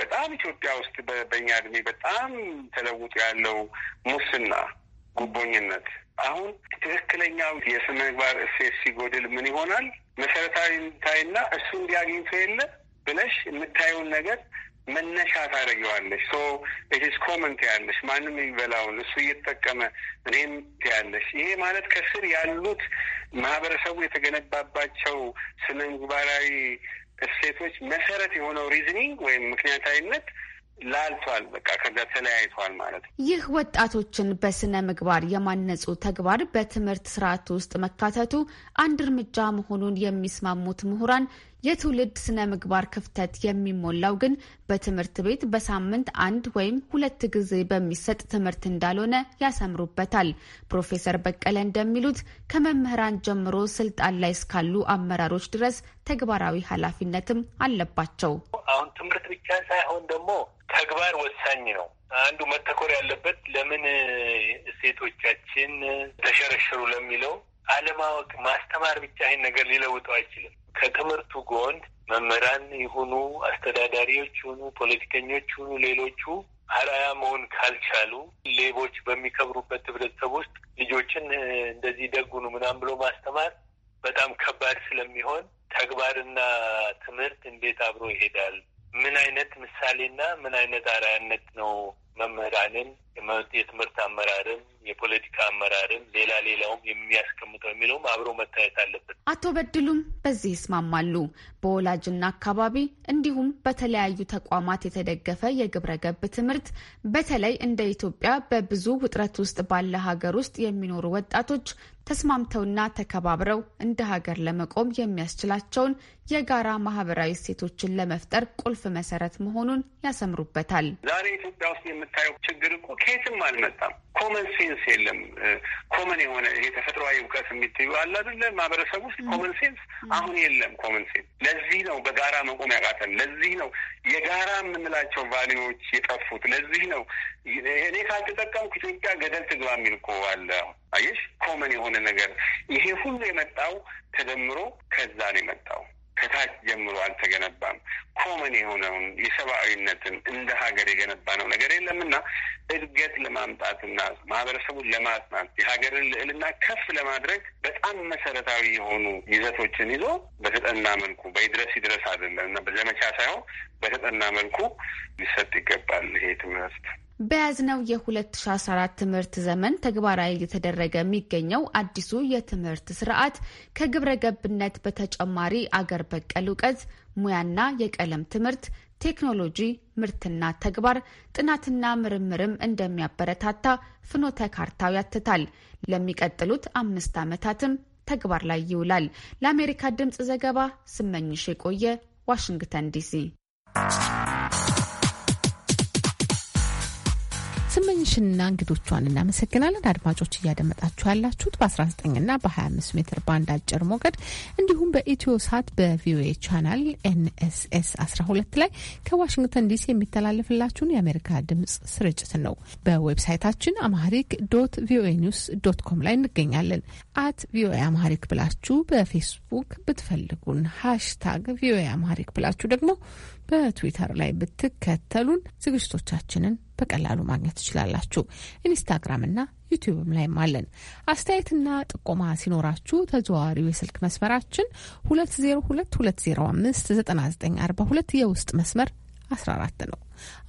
በጣም ኢትዮጵያ ውስጥ በኛ እድሜ በጣም ተለውጦ ያለው ሙስና፣ ጉቦኝነት አሁን ትክክለኛው የስነ ምግባር እሴት ሲጎድል ምን ይሆናል? መሰረታዊ የምታይና እሱ እንዲያግኝቶ የለ ብለሽ የምታየውን ነገር መነሻ ታደርጊዋለሽ። ሶ ኢትስ ኮመን ትያለሽ። ማንም የሚበላውን እሱ እየተጠቀመ እኔም ትያለሽ። ይሄ ማለት ከስር ያሉት ማህበረሰቡ የተገነባባቸው ስነ ምግባራዊ እሴቶች መሰረት የሆነው ሪዝኒንግ ወይም ምክንያታዊነት ላልቷል። በቃ ከዛ ተለያይቷል ማለት ነው። ይህ ወጣቶችን በስነ ምግባር የማነጹ ተግባር በትምህርት ስርዓት ውስጥ መካተቱ አንድ እርምጃ መሆኑን የሚስማሙት ምሁራን የትውልድ ስነ ምግባር ክፍተት የሚሞላው ግን በትምህርት ቤት በሳምንት አንድ ወይም ሁለት ጊዜ በሚሰጥ ትምህርት እንዳልሆነ ያሰምሩበታል። ፕሮፌሰር በቀለ እንደሚሉት ከመምህራን ጀምሮ ስልጣን ላይ እስካሉ አመራሮች ድረስ ተግባራዊ ኃላፊነትም አለባቸው። አሁን ትምህርት ብቻ ሳይሆን ደግሞ ተግባር ወሳኝ ነው። አንዱ መተኮር ያለበት ለምን እሴቶቻችን ተሸረሸሩ ለሚለው አለማወቅ ማስተማር ብቻ ይህን ነገር ሊለውጠው አይችልም። ከትምህርቱ ጎን መምህራን ይሁኑ፣ አስተዳዳሪዎች ይሁኑ፣ ፖለቲከኞች ይሁኑ፣ ሌሎቹ አርአያ መሆን ካልቻሉ ሌቦች በሚከብሩበት ህብረተሰብ ውስጥ ልጆችን እንደዚህ ደጉኑ ምናም ብሎ ማስተማር በጣም ከባድ ስለሚሆን ተግባርና ትምህርት እንዴት አብሮ ይሄዳል? ምን አይነት ምሳሌና ምን አይነት አርአያነት ነው መምህራንን፣ የትምህርት አመራርን፣ የፖለቲካ አመራርን፣ ሌላ ሌላውም የሚያስቀምጠው የሚለውም አብሮ መታየት አለበት። አቶ በድሉም በዚህ ይስማማሉ። በወላጅና አካባቢ እንዲሁም በተለያዩ ተቋማት የተደገፈ የግብረ ገብ ትምህርት በተለይ እንደ ኢትዮጵያ በብዙ ውጥረት ውስጥ ባለ ሀገር ውስጥ የሚኖሩ ወጣቶች ተስማምተውና ተከባብረው እንደ ሀገር ለመቆም የሚያስችላቸውን የጋራ ማህበራዊ እሴቶችን ለመፍጠር ቁልፍ መሰረት መሆኑን ያሰምሩበታል። ዛሬ ኢትዮጵያ ውስጥ ስታየው ችግር እኮ ከየትም አልመጣም። ኮመን ሴንስ የለም። ኮመን የሆነ ይሄ ተፈጥሯዊ እውቀት የሚትዩ አለ አይደለ? ማህበረሰብ ውስጥ ኮመን ሴንስ አሁን የለም። ኮመን ሴንስ ለዚህ ነው በጋራ መቆም ያቃተን። ለዚህ ነው የጋራ የምንላቸው ቫሊዎች የጠፉት። ለዚህ ነው እኔ ካልተጠቀምኩ ኢትዮጵያ ገደል ትግባ የሚል እኮ አለ። አየሽ፣ ኮመን የሆነ ነገር ይሄ ሁሉ የመጣው ተደምሮ ከዛ ነው የመጣው። ከታች ጀምሮ አልተገነባም። ኮመን የሆነውን የሰብአዊነትን እንደ ሀገር የገነባ ነው ነገር የለም እድገት ለማምጣትና ማህበረሰቡን ለማጥናት የሀገርን ልዕልና ከፍ ለማድረግ በጣም መሰረታዊ የሆኑ ይዘቶችን ይዞ በተጠና መልኩ በይድረስ ይድረስ አይደለም እና በዘመቻ ሳይሆን በተጠና መልኩ ሊሰጥ ይገባል ይሄ ትምህርት። በያዝነው የ2014 ትምህርት ዘመን ተግባራዊ እየተደረገ የሚገኘው አዲሱ የትምህርት ስርዓት ከግብረ ገብነት በተጨማሪ አገር በቀል እውቀት፣ ሙያና የቀለም ትምህርት፣ ቴክኖሎጂ፣ ምርትና ተግባር፣ ጥናትና ምርምርም እንደሚያበረታታ ፍኖተ ካርታው ያትታል። ለሚቀጥሉት አምስት ዓመታትም ተግባር ላይ ይውላል። ለአሜሪካ ድምፅ ዘገባ ስመኝሽ የቆየ ዋሽንግተን ዲሲ። ስመኝሽንና እንግዶቿን እናመሰግናለን። አድማጮች እያደመጣችሁ ያላችሁት በ19ና በ25 ሜትር ባንድ አጭር ሞገድ እንዲሁም በኢትዮ ሳት በቪኦኤ ቻናል ኤንኤስኤስ 12 ላይ ከዋሽንግተን ዲሲ የሚተላለፍላችሁን የአሜሪካ ድምጽ ስርጭትን ነው። በዌብሳይታችን አማሪክ ዶት ቪኦኤ ኒውስ ዶት ኮም ላይ እንገኛለን። አት ቪኦኤ አማሪክ ብላችሁ በፌስቡክ ብትፈልጉን፣ ሃሽታግ ቪኦኤ አማሪክ ብላችሁ ደግሞ በትዊተር ላይ ብትከተሉን ዝግጅቶቻችንን በቀላሉ ማግኘት ትችላላችሁ። ኢንስታግራም እና ዩቲዩብም ላይም አለን። አስተያየትና ጥቆማ ሲኖራችሁ ተዘዋዋሪው የስልክ መስመራችን 2022059942 የውስጥ መስመር 14 ነው።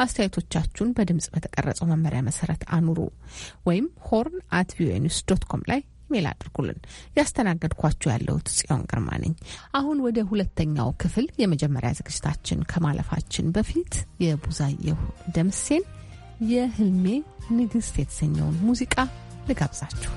አስተያየቶቻችሁን በድምጽ በተቀረጸው መመሪያ መሰረት አኑሩ ወይም ሆርን አት ቪኦኤ ኒውስ ዶት ኮም ላይ ኢሜል አድርጉልን። ያስተናገድኳችሁ ያለሁት ጽዮን ግርማ ነኝ። አሁን ወደ ሁለተኛው ክፍል የመጀመሪያ ዝግጅታችን ከማለፋችን በፊት የቡዛየሁ ደምሴን የህልሜ ንግሥት የተሰኘውን ሙዚቃ ልጋብዛችሁ።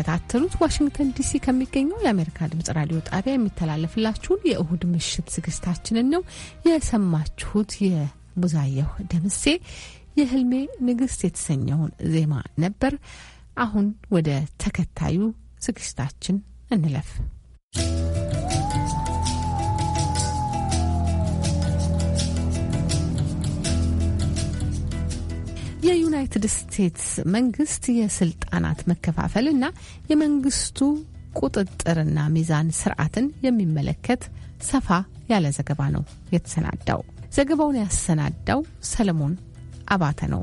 የምትከታተሉት ዋሽንግተን ዲሲ ከሚገኘው የአሜሪካ ድምጽ ራዲዮ ጣቢያ የሚተላለፍላችሁን የእሁድ ምሽት ዝግጅታችንን ነው የሰማችሁት። የቡዛየሁ ደምሴ የህልሜ ንግስት የተሰኘውን ዜማ ነበር። አሁን ወደ ተከታዩ ዝግጅታችን እንለፍ። የዩናይትድ ስቴትስ መንግስት የስልጣናት መከፋፈልና የመንግስቱ ቁጥጥርና ሚዛን ስርዓትን የሚመለከት ሰፋ ያለ ዘገባ ነው የተሰናዳው። ዘገባውን ያሰናዳው ሰለሞን አባተ ነው።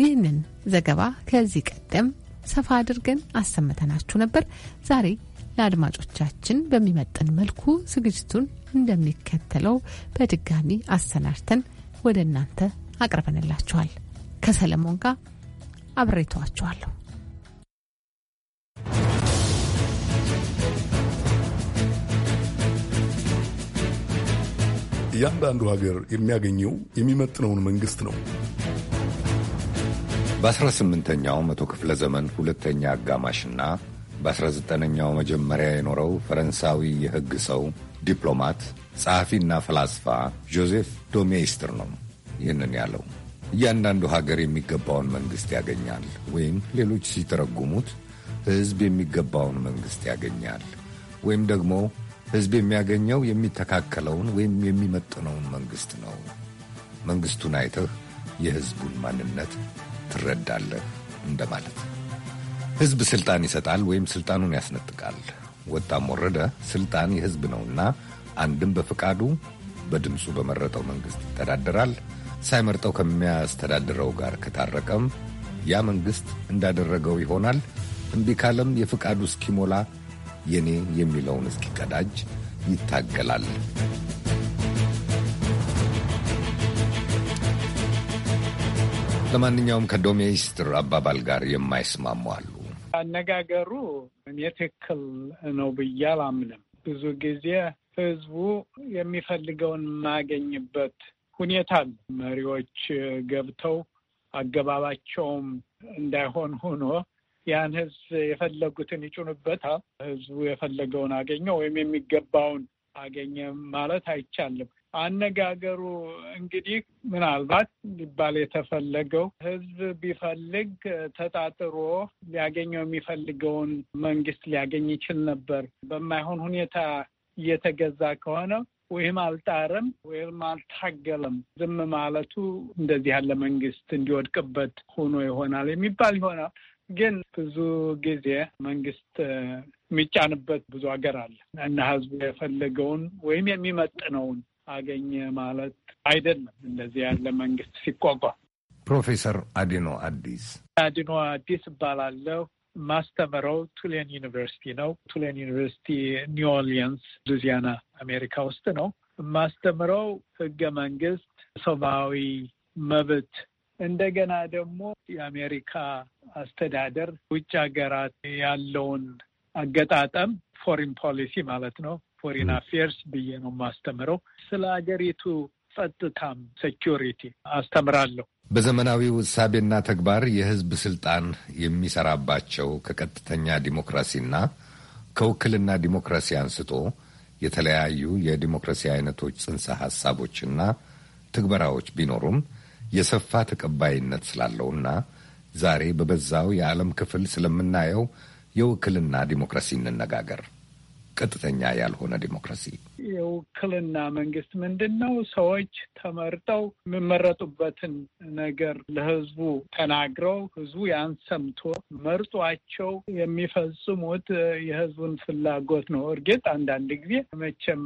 ይህንን ዘገባ ከዚህ ቀደም ሰፋ አድርገን አሰምተናችሁ ነበር። ዛሬ ለአድማጮቻችን በሚመጥን መልኩ ዝግጅቱን እንደሚከተለው በድጋሚ አሰናድተን ወደ እናንተ አቅርበንላችኋል። ከሰለሞን ጋር አብሬተዋቸዋለሁ። እያንዳንዱ ሀገር የሚያገኘው የሚመጥነውን መንግስት ነው። በ18ኛው መቶ ክፍለ ዘመን ሁለተኛ አጋማሽና በ19ኛው መጀመሪያ የኖረው ፈረንሳዊ የሕግ ሰው፣ ዲፕሎማት፣ ጸሐፊና ፈላስፋ ጆዜፍ ዶሜይስትር ነው ይህንን ያለው። እያንዳንዱ ሀገር የሚገባውን መንግስት ያገኛል፣ ወይም ሌሎች ሲተረጉሙት ህዝብ የሚገባውን መንግስት ያገኛል፣ ወይም ደግሞ ህዝብ የሚያገኘው የሚተካከለውን ወይም የሚመጥነውን መንግስት ነው። መንግስቱን አይተህ የህዝቡን ማንነት ትረዳለህ እንደማለት። ህዝብ ስልጣን ይሰጣል ወይም ስልጣኑን ያስነጥቃል። ወጣም ወረደ ስልጣን የህዝብ ነውና አንድም በፍቃዱ በድምፁ በመረጠው መንግስት ይተዳደራል ሳይመርጠው ከሚያስተዳድረው ጋር ከታረቀም ያ መንግሥት እንዳደረገው ይሆናል። እምቢ ካለም የፍቃዱ እስኪሞላ የኔ የሚለውን እስኪቀዳጅ ይታገላል። ለማንኛውም ከዶሜስትር አባባል ጋር የማይስማሙ አሉ። አነጋገሩ እኔ ትክክል ነው ብዬ አላምንም። ብዙ ጊዜ ህዝቡ የሚፈልገውን የማገኝበት ሁኔታ መሪዎች ገብተው አገባባቸውም እንዳይሆን ሆኖ ያን ህዝብ የፈለጉትን ይጭኑበታል። ህዝቡ የፈለገውን አገኘ ወይም የሚገባውን አገኘ ማለት አይቻልም። አነጋገሩ እንግዲህ ምናልባት ሊባል የተፈለገው ህዝብ ቢፈልግ ተጣጥሮ ሊያገኘው የሚፈልገውን መንግስት ሊያገኝ ይችል ነበር። በማይሆን ሁኔታ እየተገዛ ከሆነ ወይም አልጣረም ወይም አልታገለም ዝም ማለቱ እንደዚህ ያለ መንግስት እንዲወድቅበት ሆኖ ይሆናል የሚባል ይሆናል። ግን ብዙ ጊዜ መንግስት የሚጫንበት ብዙ ሀገር አለ እና ህዝቡ የፈለገውን ወይም የሚመጥነውን አገኘ ማለት አይደለም። እንደዚህ ያለ መንግስት ሲቋቋም ፕሮፌሰር አዲኖ አዲስ አዲኖ አዲስ እባላለሁ። ማስተምረው ቱሌን ዩኒቨርሲቲ ነው። ቱሌን ዩኒቨርሲቲ ኒው ኦርሊንስ ሉዚያና አሜሪካ ውስጥ ነው። ማስተምረው ህገ መንግስት፣ ሰብአዊ መብት እንደገና ደግሞ የአሜሪካ አስተዳደር ውጭ ሀገራት ያለውን አገጣጠም ፎሪን ፖሊሲ ማለት ነው ፎሪን አፌርስ ብዬ ነው የማስተምረው። ስለ ሀገሪቱ ጸጥታም ሴኪሪቲ አስተምራለሁ። በዘመናዊው እሳቤና ተግባር የህዝብ ስልጣን የሚሰራባቸው ከቀጥተኛ ዲሞክራሲና ከውክልና ዲሞክራሲ አንስቶ የተለያዩ የዲሞክራሲ አይነቶች ጽንሰ ሀሳቦችና ትግበራዎች ቢኖሩም የሰፋ ተቀባይነት ስላለውና ዛሬ በበዛው የዓለም ክፍል ስለምናየው የውክልና ዲሞክራሲ እንነጋገር። ቀጥተኛ ያልሆነ ዲሞክራሲ የውክልና መንግስት ምንድን ነው? ሰዎች ተመርጠው የሚመረጡበትን ነገር ለህዝቡ ተናግረው ህዝቡ ያን ሰምቶ መርጧቸው የሚፈጽሙት የህዝቡን ፍላጎት ነው። እርግጥ አንዳንድ ጊዜ መቼም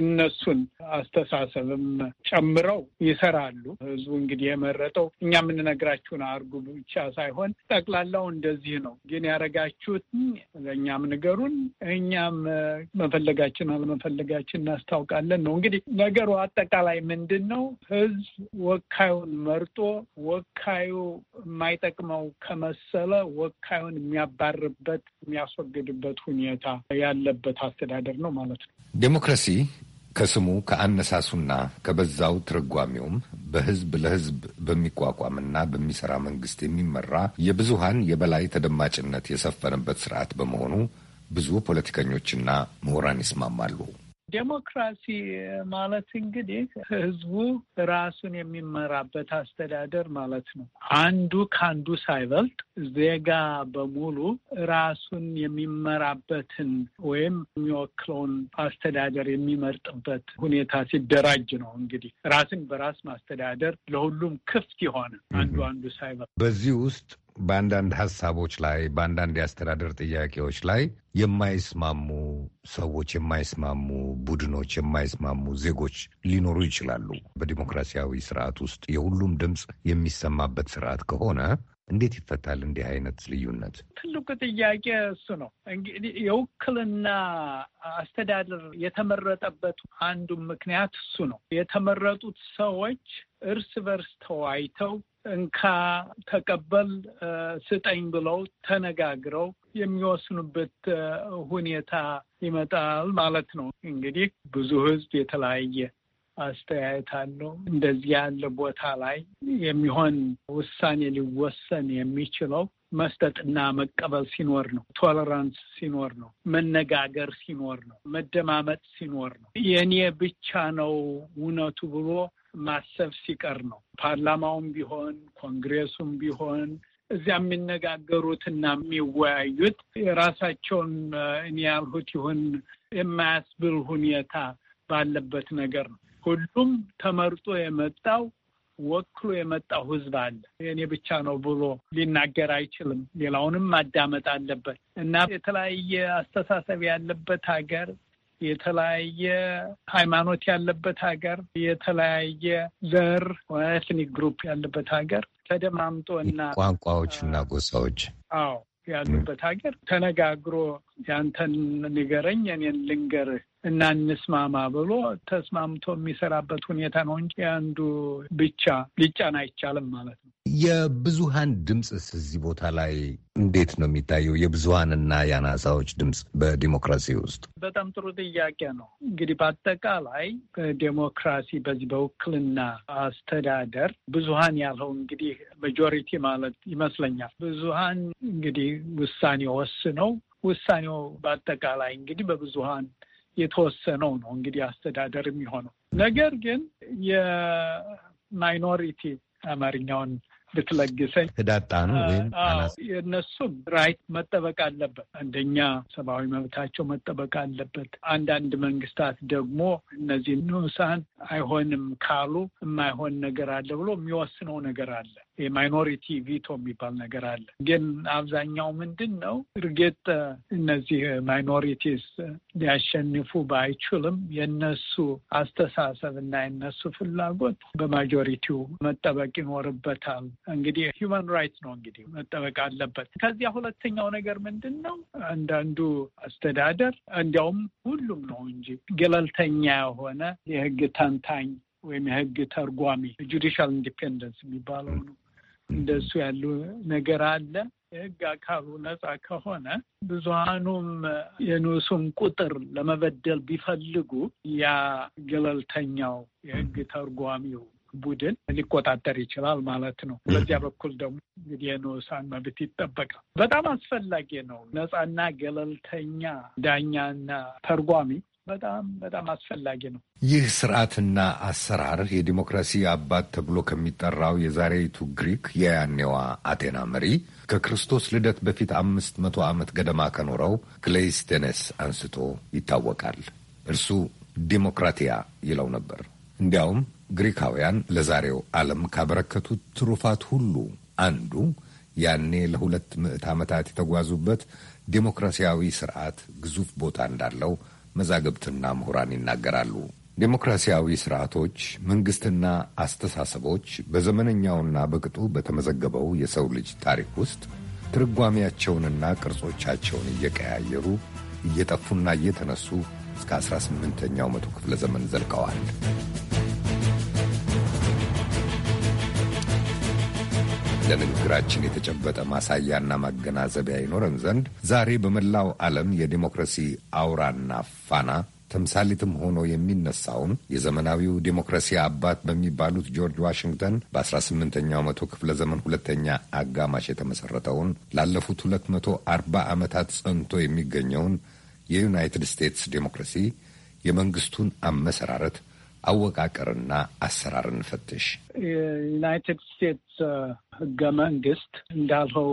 እነሱን አስተሳሰብም ጨምረው ይሰራሉ። ህዝቡ እንግዲህ የመረጠው እኛ የምንነግራችሁን አርጉ ብቻ ሳይሆን ጠቅላላው እንደዚህ ነው፣ ግን ያደረጋችሁት ለእኛም ንገሩን፣ እኛም መፈለጋችን አለመፈለግ ማድረጋችን እናስታውቃለን ነው። እንግዲህ ነገሩ አጠቃላይ ምንድን ነው? ህዝብ ወካዩን መርጦ ወካዩ የማይጠቅመው ከመሰለ ወካዩን የሚያባርበት የሚያስወግድበት ሁኔታ ያለበት አስተዳደር ነው ማለት ነው። ዴሞክራሲ ከስሙ ከአነሳሱና ከበዛው ትርጓሚውም በህዝብ ለህዝብ በሚቋቋምና በሚሰራ መንግስት የሚመራ የብዙሃን የበላይ ተደማጭነት የሰፈነበት ስርዓት በመሆኑ ብዙ ፖለቲከኞችና ምሁራን ይስማማሉ። ዴሞክራሲ ማለት እንግዲህ ህዝቡ ራሱን የሚመራበት አስተዳደር ማለት ነው። አንዱ ከአንዱ ሳይበልጥ ዜጋ በሙሉ ራሱን የሚመራበትን ወይም የሚወክለውን አስተዳደር የሚመርጥበት ሁኔታ ሲደራጅ ነው። እንግዲህ ራስን በራስ ማስተዳደር ለሁሉም ክፍት የሆነ አንዱ አንዱ ሳይበልጥ በዚህ ውስጥ በአንዳንድ ሀሳቦች ላይ በአንዳንድ የአስተዳደር ጥያቄዎች ላይ የማይስማሙ ሰዎች፣ የማይስማሙ ቡድኖች፣ የማይስማሙ ዜጎች ሊኖሩ ይችላሉ። በዲሞክራሲያዊ ስርዓት ውስጥ የሁሉም ድምፅ የሚሰማበት ስርዓት ከሆነ እንዴት ይፈታል? እንዲህ አይነት ልዩነት ትልቁ ጥያቄ እሱ ነው። እንግዲህ የውክልና አስተዳደር የተመረጠበት አንዱ ምክንያት እሱ ነው። የተመረጡት ሰዎች እርስ በርስ ተዋይተው እንካ ተቀበል፣ ስጠኝ ብለው ተነጋግረው የሚወስኑበት ሁኔታ ይመጣል ማለት ነው። እንግዲህ ብዙ ህዝብ የተለያየ አስተያየት አለው። እንደዚህ ያለ ቦታ ላይ የሚሆን ውሳኔ ሊወሰን የሚችለው መስጠትና መቀበል ሲኖር ነው። ቶለራንስ ሲኖር ነው። መነጋገር ሲኖር ነው። መደማመጥ ሲኖር ነው። የእኔ ብቻ ነው እውነቱ ብሎ ማሰብ ሲቀር ነው። ፓርላማውም ቢሆን ኮንግሬሱም ቢሆን እዚያ የሚነጋገሩትና የሚወያዩት የራሳቸውን እኔ ያልሁት ይሁን የማያስብል ሁኔታ ባለበት ነገር ነው። ሁሉም ተመርጦ የመጣው ወክሎ የመጣው ህዝብ አለ። የእኔ ብቻ ነው ብሎ ሊናገር አይችልም። ሌላውንም ማዳመጥ አለበት እና የተለያየ አስተሳሰብ ያለበት ሀገር የተለያየ ሃይማኖት ያለበት ሀገር፣ የተለያየ ዘር ኤትኒክ ግሩፕ ያለበት ሀገር ተደማምጦ እና ቋንቋዎች እና ጎሳዎች አዎ ያሉበት ሀገር ተነጋግሮ ያንተን ንገረኝ እኔን ልንገርህ እና እንስማማ ብሎ ተስማምቶ የሚሰራበት ሁኔታ ነው እንጂ አንዱ ብቻ ሊጫን አይቻልም ማለት ነው። የብዙሃን ድምፅስ እዚህ ቦታ ላይ እንዴት ነው የሚታየው? የብዙሃንና የአናሳዎች ድምፅ በዲሞክራሲ ውስጥ በጣም ጥሩ ጥያቄ ነው። እንግዲህ በአጠቃላይ በዲሞክራሲ በዚህ በውክልና አስተዳደር ብዙሃን ያለው እንግዲህ መጆሪቲ ማለት ይመስለኛል። ብዙሃን እንግዲህ ውሳኔ ወስነው ውሳኔው በአጠቃላይ እንግዲህ በብዙሃን የተወሰነው ነው እንግዲህ አስተዳደር የሚሆነው። ነገር ግን የማይኖሪቲ አማርኛውን ብትለግሰኝ ህዳጣ ወይም የእነሱም ራይት መጠበቅ አለበት። አንደኛ ሰብአዊ መብታቸው መጠበቅ አለበት። አንዳንድ መንግስታት ደግሞ እነዚህ ንዑሳን አይሆንም ካሉ የማይሆን ነገር አለ ብሎ የሚወስነው ነገር አለ። የማይኖሪቲ ቪቶ የሚባል ነገር አለ። ግን አብዛኛው ምንድን ነው እርግጥ እነዚህ ማይኖሪቲስ ሊያሸንፉ ባይችልም የነሱ አስተሳሰብ እና የነሱ ፍላጎት በማጆሪቲው መጠበቅ ይኖርበታል። እንግዲህ ሂውማን ራይትስ ነው እንግዲህ መጠበቅ አለበት። ከዚያ ሁለተኛው ነገር ምንድን ነው አንዳንዱ አስተዳደር እንዲያውም ሁሉም ነው እንጂ ገለልተኛ የሆነ የህግ ተንታኝ ወይም የህግ ተርጓሚ ጁዲሻል ኢንዲፔንደንስ የሚባለው ነው። እንደሱ ያሉ ነገር አለ። የህግ አካሉ ነፃ ከሆነ ብዙሀኑም የንሱም ቁጥር ለመበደል ቢፈልጉ ያ ገለልተኛው የህግ ተርጓሚው ቡድን ሊቆጣጠር ይችላል ማለት ነው። በዚያ በኩል ደግሞ እንግዲህ የንዑሳን መብት ይጠበቃል። በጣም አስፈላጊ ነው። ነፃና ገለልተኛ ዳኛና ተርጓሚ በጣም በጣም አስፈላጊ ነው። ይህ ስርዓትና አሰራር የዲሞክራሲ አባት ተብሎ ከሚጠራው የዛሬይቱ ግሪክ የያኔዋ አቴና መሪ ከክርስቶስ ልደት በፊት አምስት መቶ ዓመት ገደማ ከኖረው ክሌስቴነስ አንስቶ ይታወቃል። እርሱ ዲሞክራቲያ ይለው ነበር። እንዲያውም ግሪካውያን ለዛሬው ዓለም ካበረከቱት ትሩፋት ሁሉ አንዱ ያኔ ለሁለት ምዕት ዓመታት የተጓዙበት ዲሞክራሲያዊ ስርዓት ግዙፍ ቦታ እንዳለው መዛግብትና ምሁራን ይናገራሉ። ዴሞክራሲያዊ ስርዓቶች፣ መንግስትና አስተሳሰቦች በዘመነኛውና በቅጡ በተመዘገበው የሰው ልጅ ታሪክ ውስጥ ትርጓሜያቸውንና ቅርጾቻቸውን እየቀያየሩ እየጠፉና እየተነሱ እስከ 18ኛው መቶ ክፍለ ዘመን ዘልቀዋል። ለንግግራችን የተጨበጠ ማሳያና ማገናዘቢያ ይኖረን ዘንድ ዛሬ በመላው ዓለም የዲሞክራሲ አውራና ፋና ተምሳሌትም ሆኖ የሚነሳውን የዘመናዊው ዴሞክራሲ አባት በሚባሉት ጆርጅ ዋሽንግተን በ18ኛው መቶ ክፍለ ዘመን ሁለተኛ አጋማሽ የተመሰረተውን ላለፉት 240 ዓመታት ጸንቶ የሚገኘውን የዩናይትድ ስቴትስ ዴሞክራሲ የመንግስቱን አመሰራረት አወቃቀርና አሰራርን ፈትሽ የዩናይትድ ስቴትስ ህገ መንግስት እንዳልኸው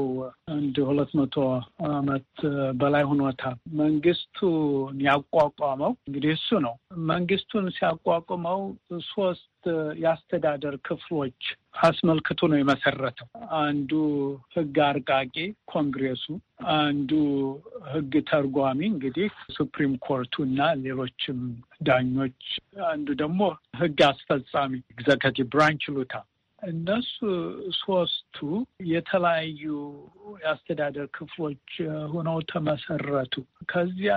አንድ ሁለት መቶ አመት በላይ ሆኖታል። መንግስቱን ያቋቋመው እንግዲህ እሱ ነው። መንግስቱን ሲያቋቁመው ሶስት የአስተዳደር ክፍሎች አስመልክቶ ነው የመሰረተው። አንዱ ህግ አርቃቂ ኮንግሬሱ፣ አንዱ ህግ ተርጓሚ እንግዲህ ሱፕሪም ኮርቱ እና ሌሎችም ዳኞች፣ አንዱ ደግሞ ህግ አስፈጻሚ ኤግዘከቲቭ ብራንች ሉታ እነሱ ሶስቱ የተለያዩ የአስተዳደር ክፍሎች ሆነው ተመሰረቱ። ከዚያ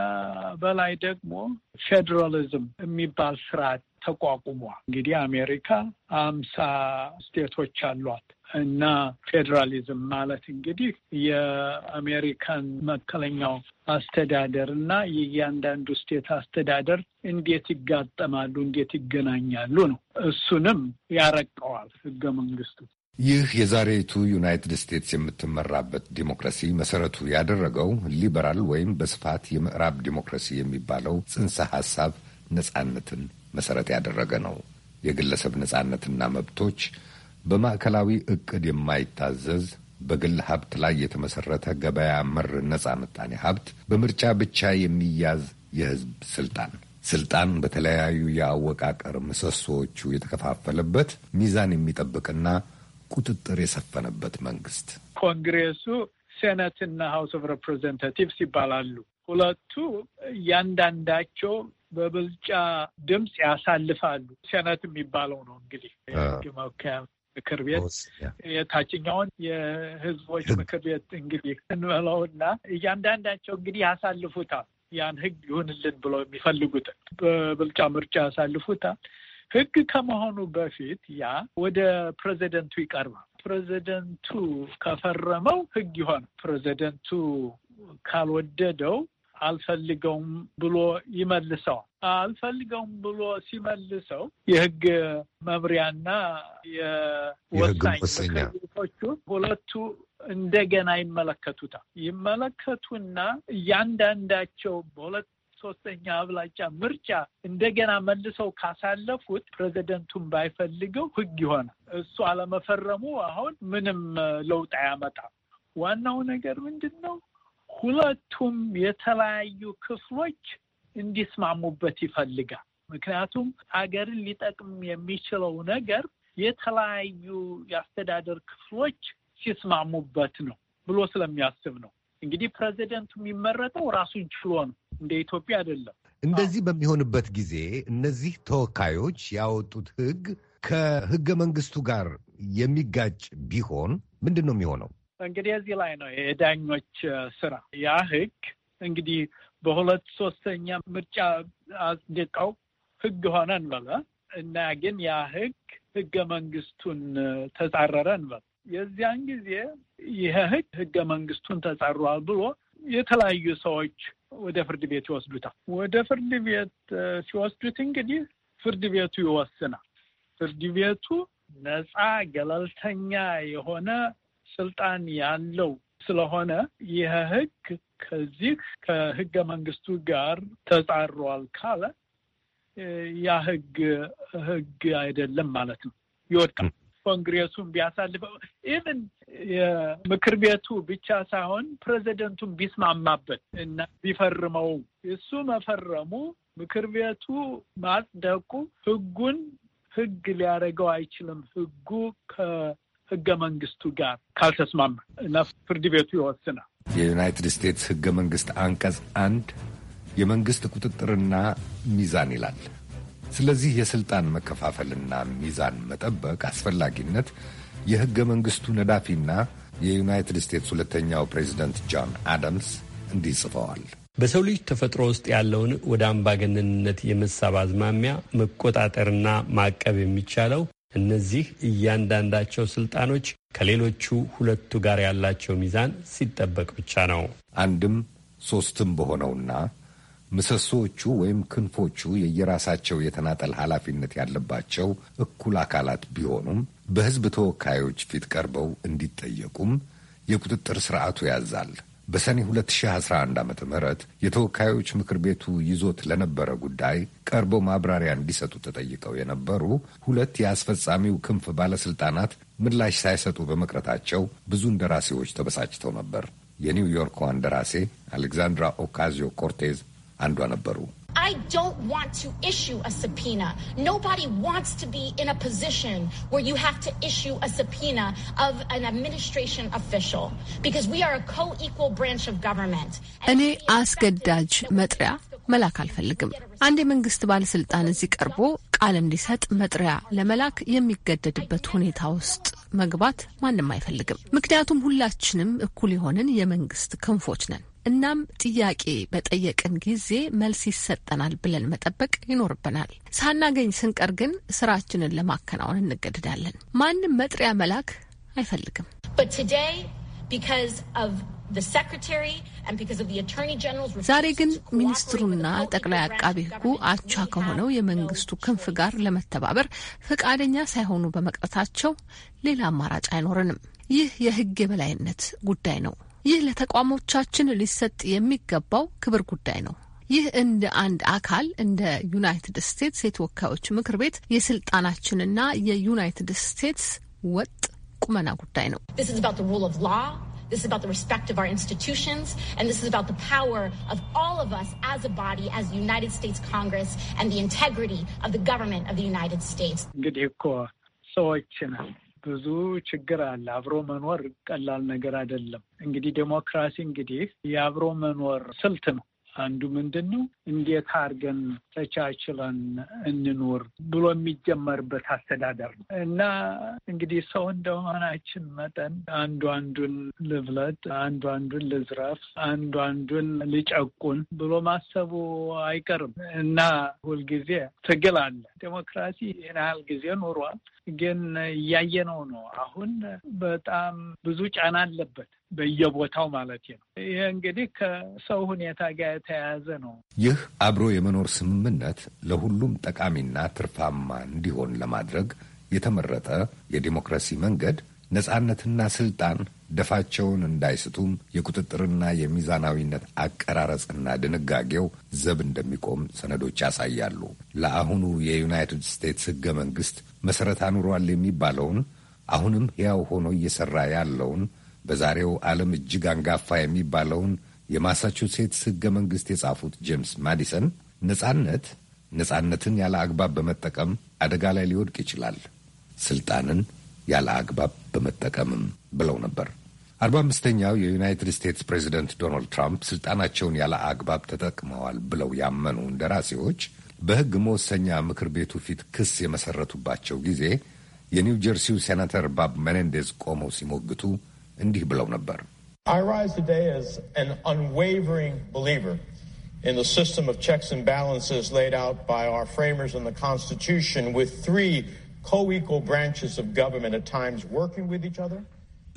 በላይ ደግሞ ፌዴራሊዝም የሚባል ስርዓት ተቋቁሟል። እንግዲህ አሜሪካ አምሳ ስቴቶች አሏት እና ፌዴራሊዝም ማለት እንግዲህ የአሜሪካን መከለኛው አስተዳደር እና የእያንዳንዱ ስቴት አስተዳደር እንዴት ይጋጠማሉ፣ እንዴት ይገናኛሉ ነው። እሱንም ያረቀዋል ህገ መንግስቱ። ይህ የዛሬቱ ዩናይትድ ስቴትስ የምትመራበት ዲሞክራሲ መሰረቱ ያደረገው ሊበራል ወይም በስፋት የምዕራብ ዲሞክራሲ የሚባለው ጽንሰ ሀሳብ ነጻነትን መሰረት ያደረገ ነው። የግለሰብ ነጻነትና መብቶች በማዕከላዊ እቅድ የማይታዘዝ በግል ሀብት ላይ የተመሰረተ ገበያ መር ነጻ ምጣኔ ሀብት፣ በምርጫ ብቻ የሚያዝ የህዝብ ስልጣን፣ ስልጣን በተለያዩ የአወቃቀር ምሰሶዎቹ የተከፋፈለበት ሚዛን የሚጠብቅና ቁጥጥር የሰፈነበት መንግስት። ኮንግሬሱ ሴኔትና ሀውስ ኦፍ ሬፕሬዘንታቲቭስ ይባላሉ። ሁለቱ እያንዳንዳቸው በብልጫ ድምፅ ያሳልፋሉ። ሴነት የሚባለው ነው እንግዲህ የህግ መወከያ ምክር ቤት የታችኛውን የህዝቦች ምክር ቤት እንግዲህ እንበለውና እያንዳንዳቸው እንግዲህ ያሳልፉታል። ያን ህግ ይሁንልን ብለው የሚፈልጉትን በብልጫ ምርጫ ያሳልፉታል። ህግ ከመሆኑ በፊት ያ ወደ ፕሬዚደንቱ ይቀርባል። ፕሬዚደንቱ ከፈረመው ህግ ይሆናል። ፕሬዚደንቱ ካልወደደው አልፈልገውም ብሎ ይመልሰዋል። አልፈልገውም ብሎ ሲመልሰው የህግ መምሪያና የወሳኝቶቹ ሁለቱ እንደገና ይመለከቱታል። ይመለከቱና እያንዳንዳቸው በሁለት ሶስተኛ አብላጫ ምርጫ እንደገና መልሰው ካሳለፉት ፕሬዚደንቱን ባይፈልገው ህግ ይሆናል። እሱ አለመፈረሙ አሁን ምንም ለውጥ አያመጣም። ዋናው ነገር ምንድን ነው? ሁለቱም የተለያዩ ክፍሎች እንዲስማሙበት ይፈልጋል። ምክንያቱም ሀገርን ሊጠቅም የሚችለው ነገር የተለያዩ የአስተዳደር ክፍሎች ሲስማሙበት ነው ብሎ ስለሚያስብ ነው። እንግዲህ ፕሬዚደንቱ የሚመረጠው ራሱን ችሎ ነው፣ እንደ ኢትዮጵያ አይደለም። እንደዚህ በሚሆንበት ጊዜ እነዚህ ተወካዮች ያወጡት ሕግ ከሕገ መንግስቱ ጋር የሚጋጭ ቢሆን ምንድን ነው የሚሆነው? እንግዲህ እዚህ ላይ ነው የዳኞች ስራ። ያ ህግ እንግዲህ በሁለት ሶስተኛ ምርጫ አጽድቀው ህግ ሆነ እንበለ እና ግን ያ ህግ ህገ መንግስቱን ተጻረረ እንበል። የዚያን ጊዜ ይህ ህግ ህገ መንግስቱን ተጻሯል ብሎ የተለያዩ ሰዎች ወደ ፍርድ ቤት ይወስዱታል። ወደ ፍርድ ቤት ሲወስዱት እንግዲህ ፍርድ ቤቱ ይወስናል። ፍርድ ቤቱ ነፃ ገለልተኛ የሆነ ስልጣን ያለው ስለሆነ ይህ ህግ ከዚህ ከህገ መንግስቱ ጋር ተጻሯል ካለ ያ ህግ ህግ አይደለም ማለት ነው፣ ይወድቃል። ኮንግሬሱን ቢያሳልፈው ኢቨን የምክር ቤቱ ብቻ ሳይሆን ፕሬዚደንቱን ቢስማማበት እና ቢፈርመው እሱ መፈረሙ ምክር ቤቱ ማጽደቁ ህጉን ህግ ሊያደርገው አይችልም። ህጉ ህገ መንግስቱ ጋር ካልተስማማ እና ፍርድ ቤቱ ይወስናል። የዩናይትድ ስቴትስ ህገ መንግስት አንቀጽ አንድ የመንግስት ቁጥጥርና ሚዛን ይላል። ስለዚህ የስልጣን መከፋፈልና ሚዛን መጠበቅ አስፈላጊነት የህገ መንግስቱ ነዳፊና የዩናይትድ ስቴትስ ሁለተኛው ፕሬዚደንት ጆን አዳምስ እንዲህ ጽፈዋል። በሰው ልጅ ተፈጥሮ ውስጥ ያለውን ወደ አምባገነንነት የመሳብ አዝማሚያ መቆጣጠርና ማቀብ የሚቻለው እነዚህ እያንዳንዳቸው ስልጣኖች ከሌሎቹ ሁለቱ ጋር ያላቸው ሚዛን ሲጠበቅ ብቻ ነው። አንድም ሶስትም በሆነውና ምሰሶዎቹ ወይም ክንፎቹ የየራሳቸው የተናጠል ኃላፊነት ያለባቸው እኩል አካላት ቢሆኑም በሕዝብ ተወካዮች ፊት ቀርበው እንዲጠየቁም የቁጥጥር ስርዓቱ ያዛል። በሰኔ 2011 ዓ ም የተወካዮች ምክር ቤቱ ይዞት ለነበረ ጉዳይ ቀርቦ ማብራሪያ እንዲሰጡ ተጠይቀው የነበሩ ሁለት የአስፈጻሚው ክንፍ ባለሥልጣናት ምላሽ ሳይሰጡ በመቅረታቸው ብዙ እንደራሴዎች ተበሳጭተው ነበር። የኒውዮርኳ ደራሴ አሌክዛንድራ ኦካዚዮ ኮርቴዝ አንዷ ነበሩ። I don't want to issue a subpoena. Nobody wants to be in a position where you have to issue a subpoena of an administration official because we are a co-equal branch of government. እኔ አስገዳጅ መጥሪያ መላክ አልፈልግም። አንድ የመንግስት ባለስልጣን እዚህ ቀርቦ ቃል እንዲሰጥ መጥሪያ ለመላክ የሚገደድበት ሁኔታ ውስጥ መግባት ማንም አይፈልግም። ምክንያቱም ሁላችንም እኩል የሆንን የመንግስት ክንፎች ነን። እናም ጥያቄ በጠየቅን ጊዜ መልስ ይሰጠናል ብለን መጠበቅ ይኖርብናል። ሳናገኝ ስንቀር ግን ስራችንን ለማከናወን እንገድዳለን። ማንም መጥሪያ መላክ አይፈልግም። ዛሬ ግን ሚኒስትሩና ጠቅላይ አቃቢ ሕጉ አቻ ከሆነው የመንግስቱ ክንፍ ጋር ለመተባበር ፈቃደኛ ሳይሆኑ በመቅረታቸው ሌላ አማራጭ አይኖረንም። ይህ የህግ የበላይነት ጉዳይ ነው። ይህ ለተቋሞቻችን ሊሰጥ የሚገባው ክብር ጉዳይ ነው። ይህ እንደ አንድ አካል እንደ ዩናይትድ ስቴትስ የተወካዮች ምክር ቤት የስልጣናችንና የዩናይትድ ስቴትስ ወጥ ቁመና ጉዳይ ነው። This is about the respect of our institutions, and this is about the power of all of us as a body, as the United States Congress, and the integrity of the government of the United States. ብዙ ችግር አለ። አብሮ መኖር ቀላል ነገር አይደለም። እንግዲህ ዴሞክራሲ እንግዲህ የአብሮ መኖር ስልት ነው። አንዱ ምንድን ነው እንዴት አድርገን ተቻችለን እንኖር ብሎ የሚጀመርበት አስተዳደር ነው እና እንግዲህ ሰው እንደመሆናችን መጠን አንዱ አንዱን ልብለጥ፣ አንዱ አንዱን ልዝረፍ፣ አንዱ አንዱን ልጨቁን ብሎ ማሰቡ አይቀርም እና ሁልጊዜ ትግል አለ። ዴሞክራሲ ይህን ያህል ጊዜ ኖሯል ግን እያየነው ነው። አሁን በጣም ብዙ ጫና አለበት። በየቦታው ማለት ነው። ይህ እንግዲህ ከሰው ሁኔታ ጋር የተያያዘ ነው። ይህ አብሮ የመኖር ስምምነት ለሁሉም ጠቃሚና ትርፋማ እንዲሆን ለማድረግ የተመረጠ የዲሞክራሲ መንገድ ነጻነትና ስልጣን ደፋቸውን እንዳይስቱም የቁጥጥርና የሚዛናዊነት አቀራረጽና ድንጋጌው ዘብ እንደሚቆም ሰነዶች ያሳያሉ። ለአሁኑ የዩናይትድ ስቴትስ ሕገ መንግሥት መሠረት አኑሯል የሚባለውን አሁንም ሕያው ሆኖ እየሠራ ያለውን በዛሬው ዓለም እጅግ አንጋፋ የሚባለውን የማሳቹሴትስ ሕገ መንግሥት የጻፉት ጄምስ ማዲሰን ነጻነት ነጻነትን ያለ አግባብ በመጠቀም አደጋ ላይ ሊወድቅ ይችላል፣ ስልጣንን ያለ አግባብ በመጠቀምም ብለው ነበር። አርባ አምስተኛው የዩናይትድ ስቴትስ ፕሬዚደንት ዶናልድ ትራምፕ ስልጣናቸውን ያለ አግባብ ተጠቅመዋል ብለው ያመኑ እንደራሴዎች በሕግ መወሰኛ ምክር ቤቱ ፊት ክስ የመሰረቱባቸው ጊዜ የኒው ጀርሲው ሴናተር ባብ መኔንዴዝ ቆመው ሲሞግቱ I rise today as an unwavering believer in the system of checks and balances laid out by our framers in the Constitution with three co-equal branches of government at times working with each other.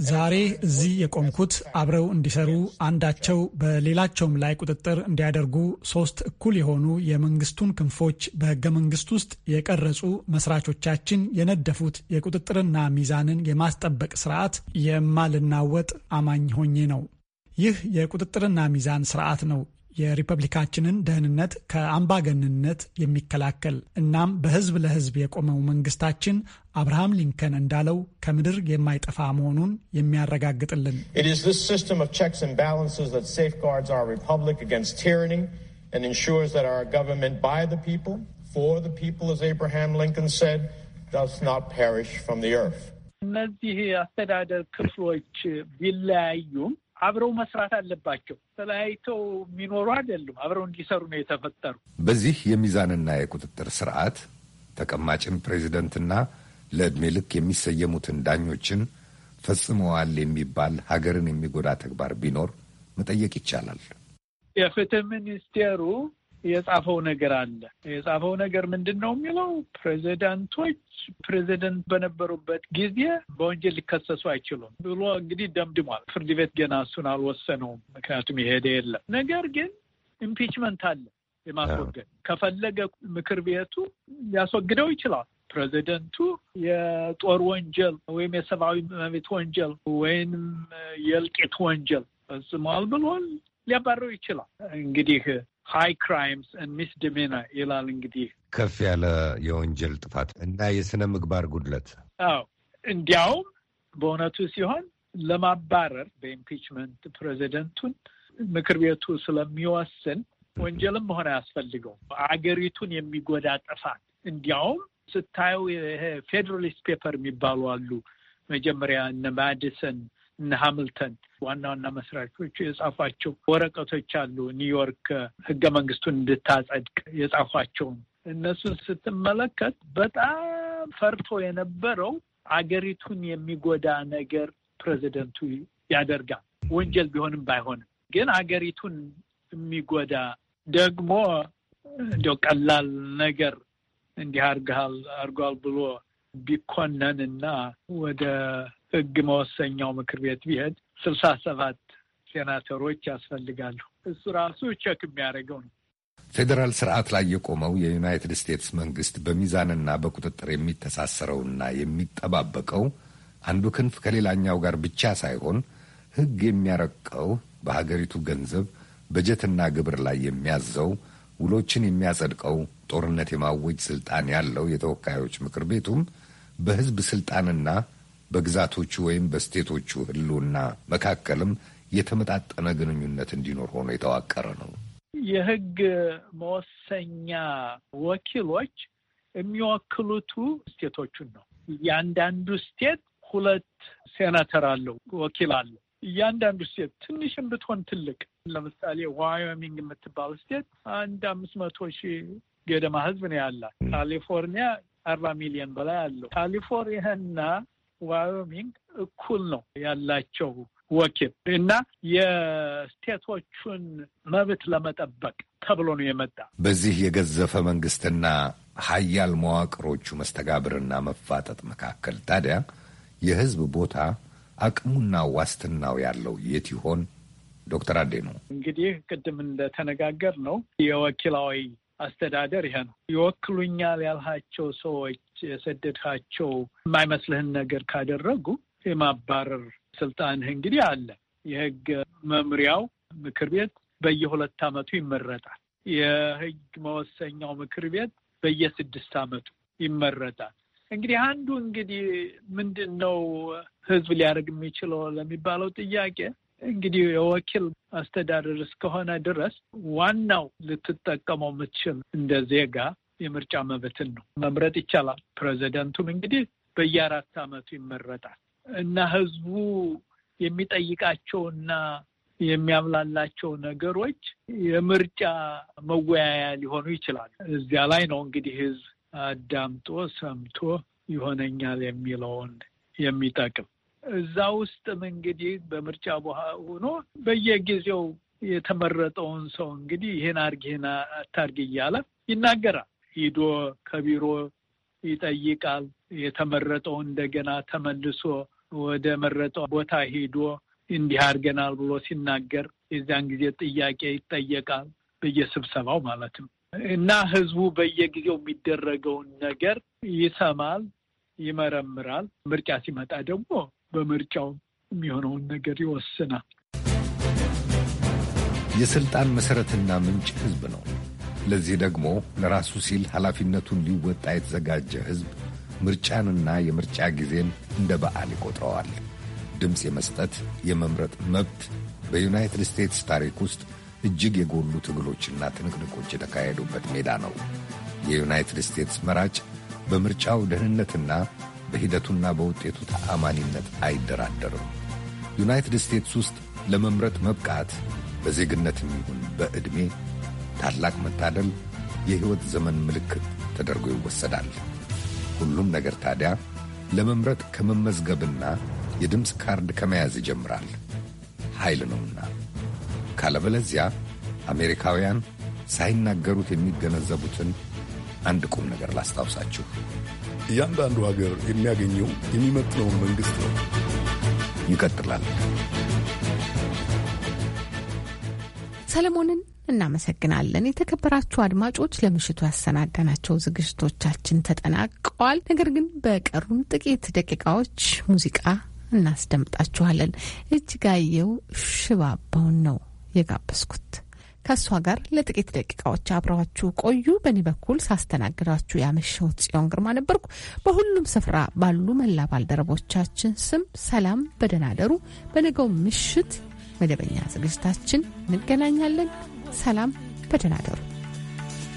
ዛሬ እዚህ የቆምኩት አብረው እንዲሰሩ አንዳቸው በሌላቸውም ላይ ቁጥጥር እንዲያደርጉ ሶስት እኩል የሆኑ የመንግስቱን ክንፎች በህገ መንግስት ውስጥ የቀረጹ መስራቾቻችን የነደፉት የቁጥጥርና ሚዛንን የማስጠበቅ ስርዓት የማልናወጥ አማኝ ሆኜ ነው። ይህ የቁጥጥርና ሚዛን ስርዓት ነው የሪፐብሊካችንን ደህንነት ከአምባገንነት የሚከላከል እናም በህዝብ ለህዝብ የቆመው መንግስታችን አብርሃም ሊንከን እንዳለው ከምድር የማይጠፋ መሆኑን የሚያረጋግጥልን እነዚህ አስተዳደር ክፍሎች ቢለያዩም አብረው መስራት አለባቸው። ተለያይተው የሚኖሩ አይደሉም። አብረው እንዲሰሩ ነው የተፈጠሩ። በዚህ የሚዛንና የቁጥጥር ስርዓት ተቀማጭን ፕሬዚደንትና ለዕድሜ ልክ የሚሰየሙትን ዳኞችን ፈጽመዋል የሚባል ሀገርን የሚጎዳ ተግባር ቢኖር መጠየቅ ይቻላል። የፍትህ ሚኒስቴሩ የጻፈው ነገር አለ። የጻፈው ነገር ምንድን ነው የሚለው ፕሬዚዳንቶች ፕሬዚደንት በነበሩበት ጊዜ በወንጀል ሊከሰሱ አይችሉም ብሎ እንግዲህ ደምድሟል። ፍርድ ቤት ገና እሱን አልወሰነውም፣ ምክንያቱም የሄደ የለም። ነገር ግን ኢምፒችመንት አለ የማስወገድ ከፈለገ ምክር ቤቱ ሊያስወግደው ይችላል። ፕሬዚደንቱ የጦር ወንጀል ወይም የሰብአዊ መብት ወንጀል ወይም የእልቂት ወንጀል ፈጽሟል ብሎ ሊያባረው ይችላል። እንግዲህ ሃይ ክራይምስ ሚስድሜና ይላል እንግዲህ ከፍ ያለ የወንጀል ጥፋት እና የስነ ምግባር ጉድለት። አዎ እንዲያውም በእውነቱ ሲሆን ለማባረር በኢምፒችመንት ፕሬዚደንቱን ምክር ቤቱ ስለሚወስን ወንጀልም መሆን አያስፈልገው አገሪቱን የሚጎዳ ጥፋት እንዲያውም ስታዩ ይሄ ፌዴራሊስት ፔፐር የሚባሉ አሉ። መጀመሪያ እነ ማዲሰን እነ ሃምልተን ዋና ዋና መስራቾቹ የጻፏቸው ወረቀቶች አሉ። ኒውዮርክ ህገ መንግስቱን እንድታጸድቅ የጻፏቸውን እነሱን ስትመለከት በጣም ፈርቶ የነበረው አገሪቱን የሚጎዳ ነገር ፕሬዚደንቱ ያደርጋል። ወንጀል ቢሆንም ባይሆንም ግን አገሪቱን የሚጎዳ ደግሞ እንዲ ቀላል ነገር እንዲህ አርገሃል አርጓል ብሎ ቢኮነን እና ወደ ህግ መወሰኛው ምክር ቤት ቢሄድ ስልሳ ሰባት ሴናተሮች ያስፈልጋሉ። እሱ ራሱ ቸክ የሚያደርገው ነው። ፌዴራል ስርዓት ላይ የቆመው የዩናይትድ ስቴትስ መንግስት በሚዛንና በቁጥጥር የሚተሳሰረውና የሚጠባበቀው አንዱ ክንፍ ከሌላኛው ጋር ብቻ ሳይሆን ህግ የሚያረቀው በሀገሪቱ ገንዘብ በጀትና ግብር ላይ የሚያዘው ውሎችን የሚያጸድቀው ጦርነት የማወጅ ስልጣን ያለው የተወካዮች ምክር ቤቱም በህዝብ ስልጣንና በግዛቶቹ ወይም በስቴቶቹ ህልውና መካከልም የተመጣጠነ ግንኙነት እንዲኖር ሆኖ የተዋቀረ ነው። የህግ መወሰኛ ወኪሎች የሚወክሉቱ ስቴቶቹን ነው። እያንዳንዱ ስቴት ሁለት ሴናተር አለው፣ ወኪል አለው። እያንዳንዱ ስቴት ትንሽም ብትሆን ትልቅ፣ ለምሳሌ ዋዮሚንግ የምትባል ስቴት አንድ አምስት መቶ ሺህ ገደማ ህዝብ ነው ያላት። ካሊፎርኒያ አርባ ሚሊዮን በላይ አለው። ካሊፎርኒያና ዋዮሚንግ እኩል ነው ያላቸው ወኪል እና የስቴቶቹን መብት ለመጠበቅ ተብሎ ነው የመጣ። በዚህ የገዘፈ መንግስትና ሀያል መዋቅሮቹ መስተጋብርና መፋጠጥ መካከል ታዲያ የህዝብ ቦታ አቅሙና ዋስትናው ያለው የት ይሆን? ዶክተር አዴ ነው እንግዲህ ቅድም እንደተነጋገር ነው የወኪላዊ አስተዳደር ይሄ ነው። ይወክሉኛል ያልሃቸው ሰዎች የሰደድካቸው የማይመስልህን ነገር ካደረጉ የማባረር ስልጣንህ እንግዲህ አለ። የህግ መምሪያው ምክር ቤት በየሁለት አመቱ ይመረጣል። የህግ መወሰኛው ምክር ቤት በየስድስት አመቱ ይመረጣል። እንግዲህ አንዱ እንግዲህ ምንድን ነው ህዝብ ሊያደርግ የሚችለው ለሚባለው ጥያቄ እንግዲህ የወኪል አስተዳደር እስከሆነ ድረስ ዋናው ልትጠቀመው የምትችል እንደ ዜጋ የምርጫ መብትን ነው። መምረጥ ይቻላል። ፕሬዚደንቱም እንግዲህ በየአራት ዓመቱ ይመረጣል እና ህዝቡ የሚጠይቃቸውና የሚያብላላቸው ነገሮች የምርጫ መወያያ ሊሆኑ ይችላል። እዚያ ላይ ነው እንግዲህ ህዝብ አዳምጦ ሰምቶ ይሆነኛል የሚለውን የሚጠቅም እዛ ውስጥም እንግዲህ በምርጫ በኋላ ሆኖ በየጊዜው የተመረጠውን ሰው እንግዲህ ይህን አርግ ይህን አታርግ እያለ ይናገራል። ሂዶ ከቢሮ ይጠይቃል። የተመረጠው እንደገና ተመልሶ ወደ መረጠው ቦታ ሂዶ እንዲህ አድርገናል ብሎ ሲናገር የዚያን ጊዜ ጥያቄ ይጠየቃል በየስብሰባው ማለት ነው። እና ህዝቡ በየጊዜው የሚደረገውን ነገር ይሰማል፣ ይመረምራል። ምርጫ ሲመጣ ደግሞ በምርጫው የሚሆነውን ነገር ይወስናል። የስልጣን መሰረትና ምንጭ ህዝብ ነው። ለዚህ ደግሞ ለራሱ ሲል ኃላፊነቱን ሊወጣ የተዘጋጀ ሕዝብ ምርጫንና የምርጫ ጊዜን እንደ በዓል ይቆጥረዋል። ድምፅ የመስጠት የመምረጥ መብት በዩናይትድ ስቴትስ ታሪክ ውስጥ እጅግ የጎሉ ትግሎችና ትንቅንቆች የተካሄዱበት ሜዳ ነው። የዩናይትድ ስቴትስ መራጭ በምርጫው ደህንነትና በሂደቱና በውጤቱ ተአማኒነት አይደራደርም። ዩናይትድ ስቴትስ ውስጥ ለመምረጥ መብቃት በዜግነትም ይሁን በዕድሜ ታላቅ መታደል፣ የሕይወት ዘመን ምልክት ተደርጎ ይወሰዳል። ሁሉም ነገር ታዲያ ለመምረጥ ከመመዝገብና የድምፅ ካርድ ከመያዝ ይጀምራል። ኃይል ነውና ካለበለዚያ አሜሪካውያን ሳይናገሩት የሚገነዘቡትን አንድ ቁም ነገር ላስታውሳችሁ። እያንዳንዱ ሀገር የሚያገኘው የሚመጥነውን መንግሥት ነው። ይቀጥላል። ሰለሞንን እናመሰግናለን። የተከበራችሁ አድማጮች ለምሽቱ ያሰናዳናቸው ዝግጅቶቻችን ተጠናቀዋል። ነገር ግን በቀሩን ጥቂት ደቂቃዎች ሙዚቃ እናስደምጣችኋለን። እጅጋየሁ ሽባባውን ነው የጋበዝኩት። ከእሷ ጋር ለጥቂት ደቂቃዎች አብረዋችሁ ቆዩ። በእኔ በኩል ሳስተናግዳችሁ ያመሸሁት ጽዮን ግርማ ነበርኩ። በሁሉም ስፍራ ባሉ መላ ባልደረቦቻችን ስም ሰላም፣ በደህና ደሩ። በነገው ምሽት መደበኛ ዝግጅታችን እንገናኛለን። ሰላም፣ በደህና ደሩ።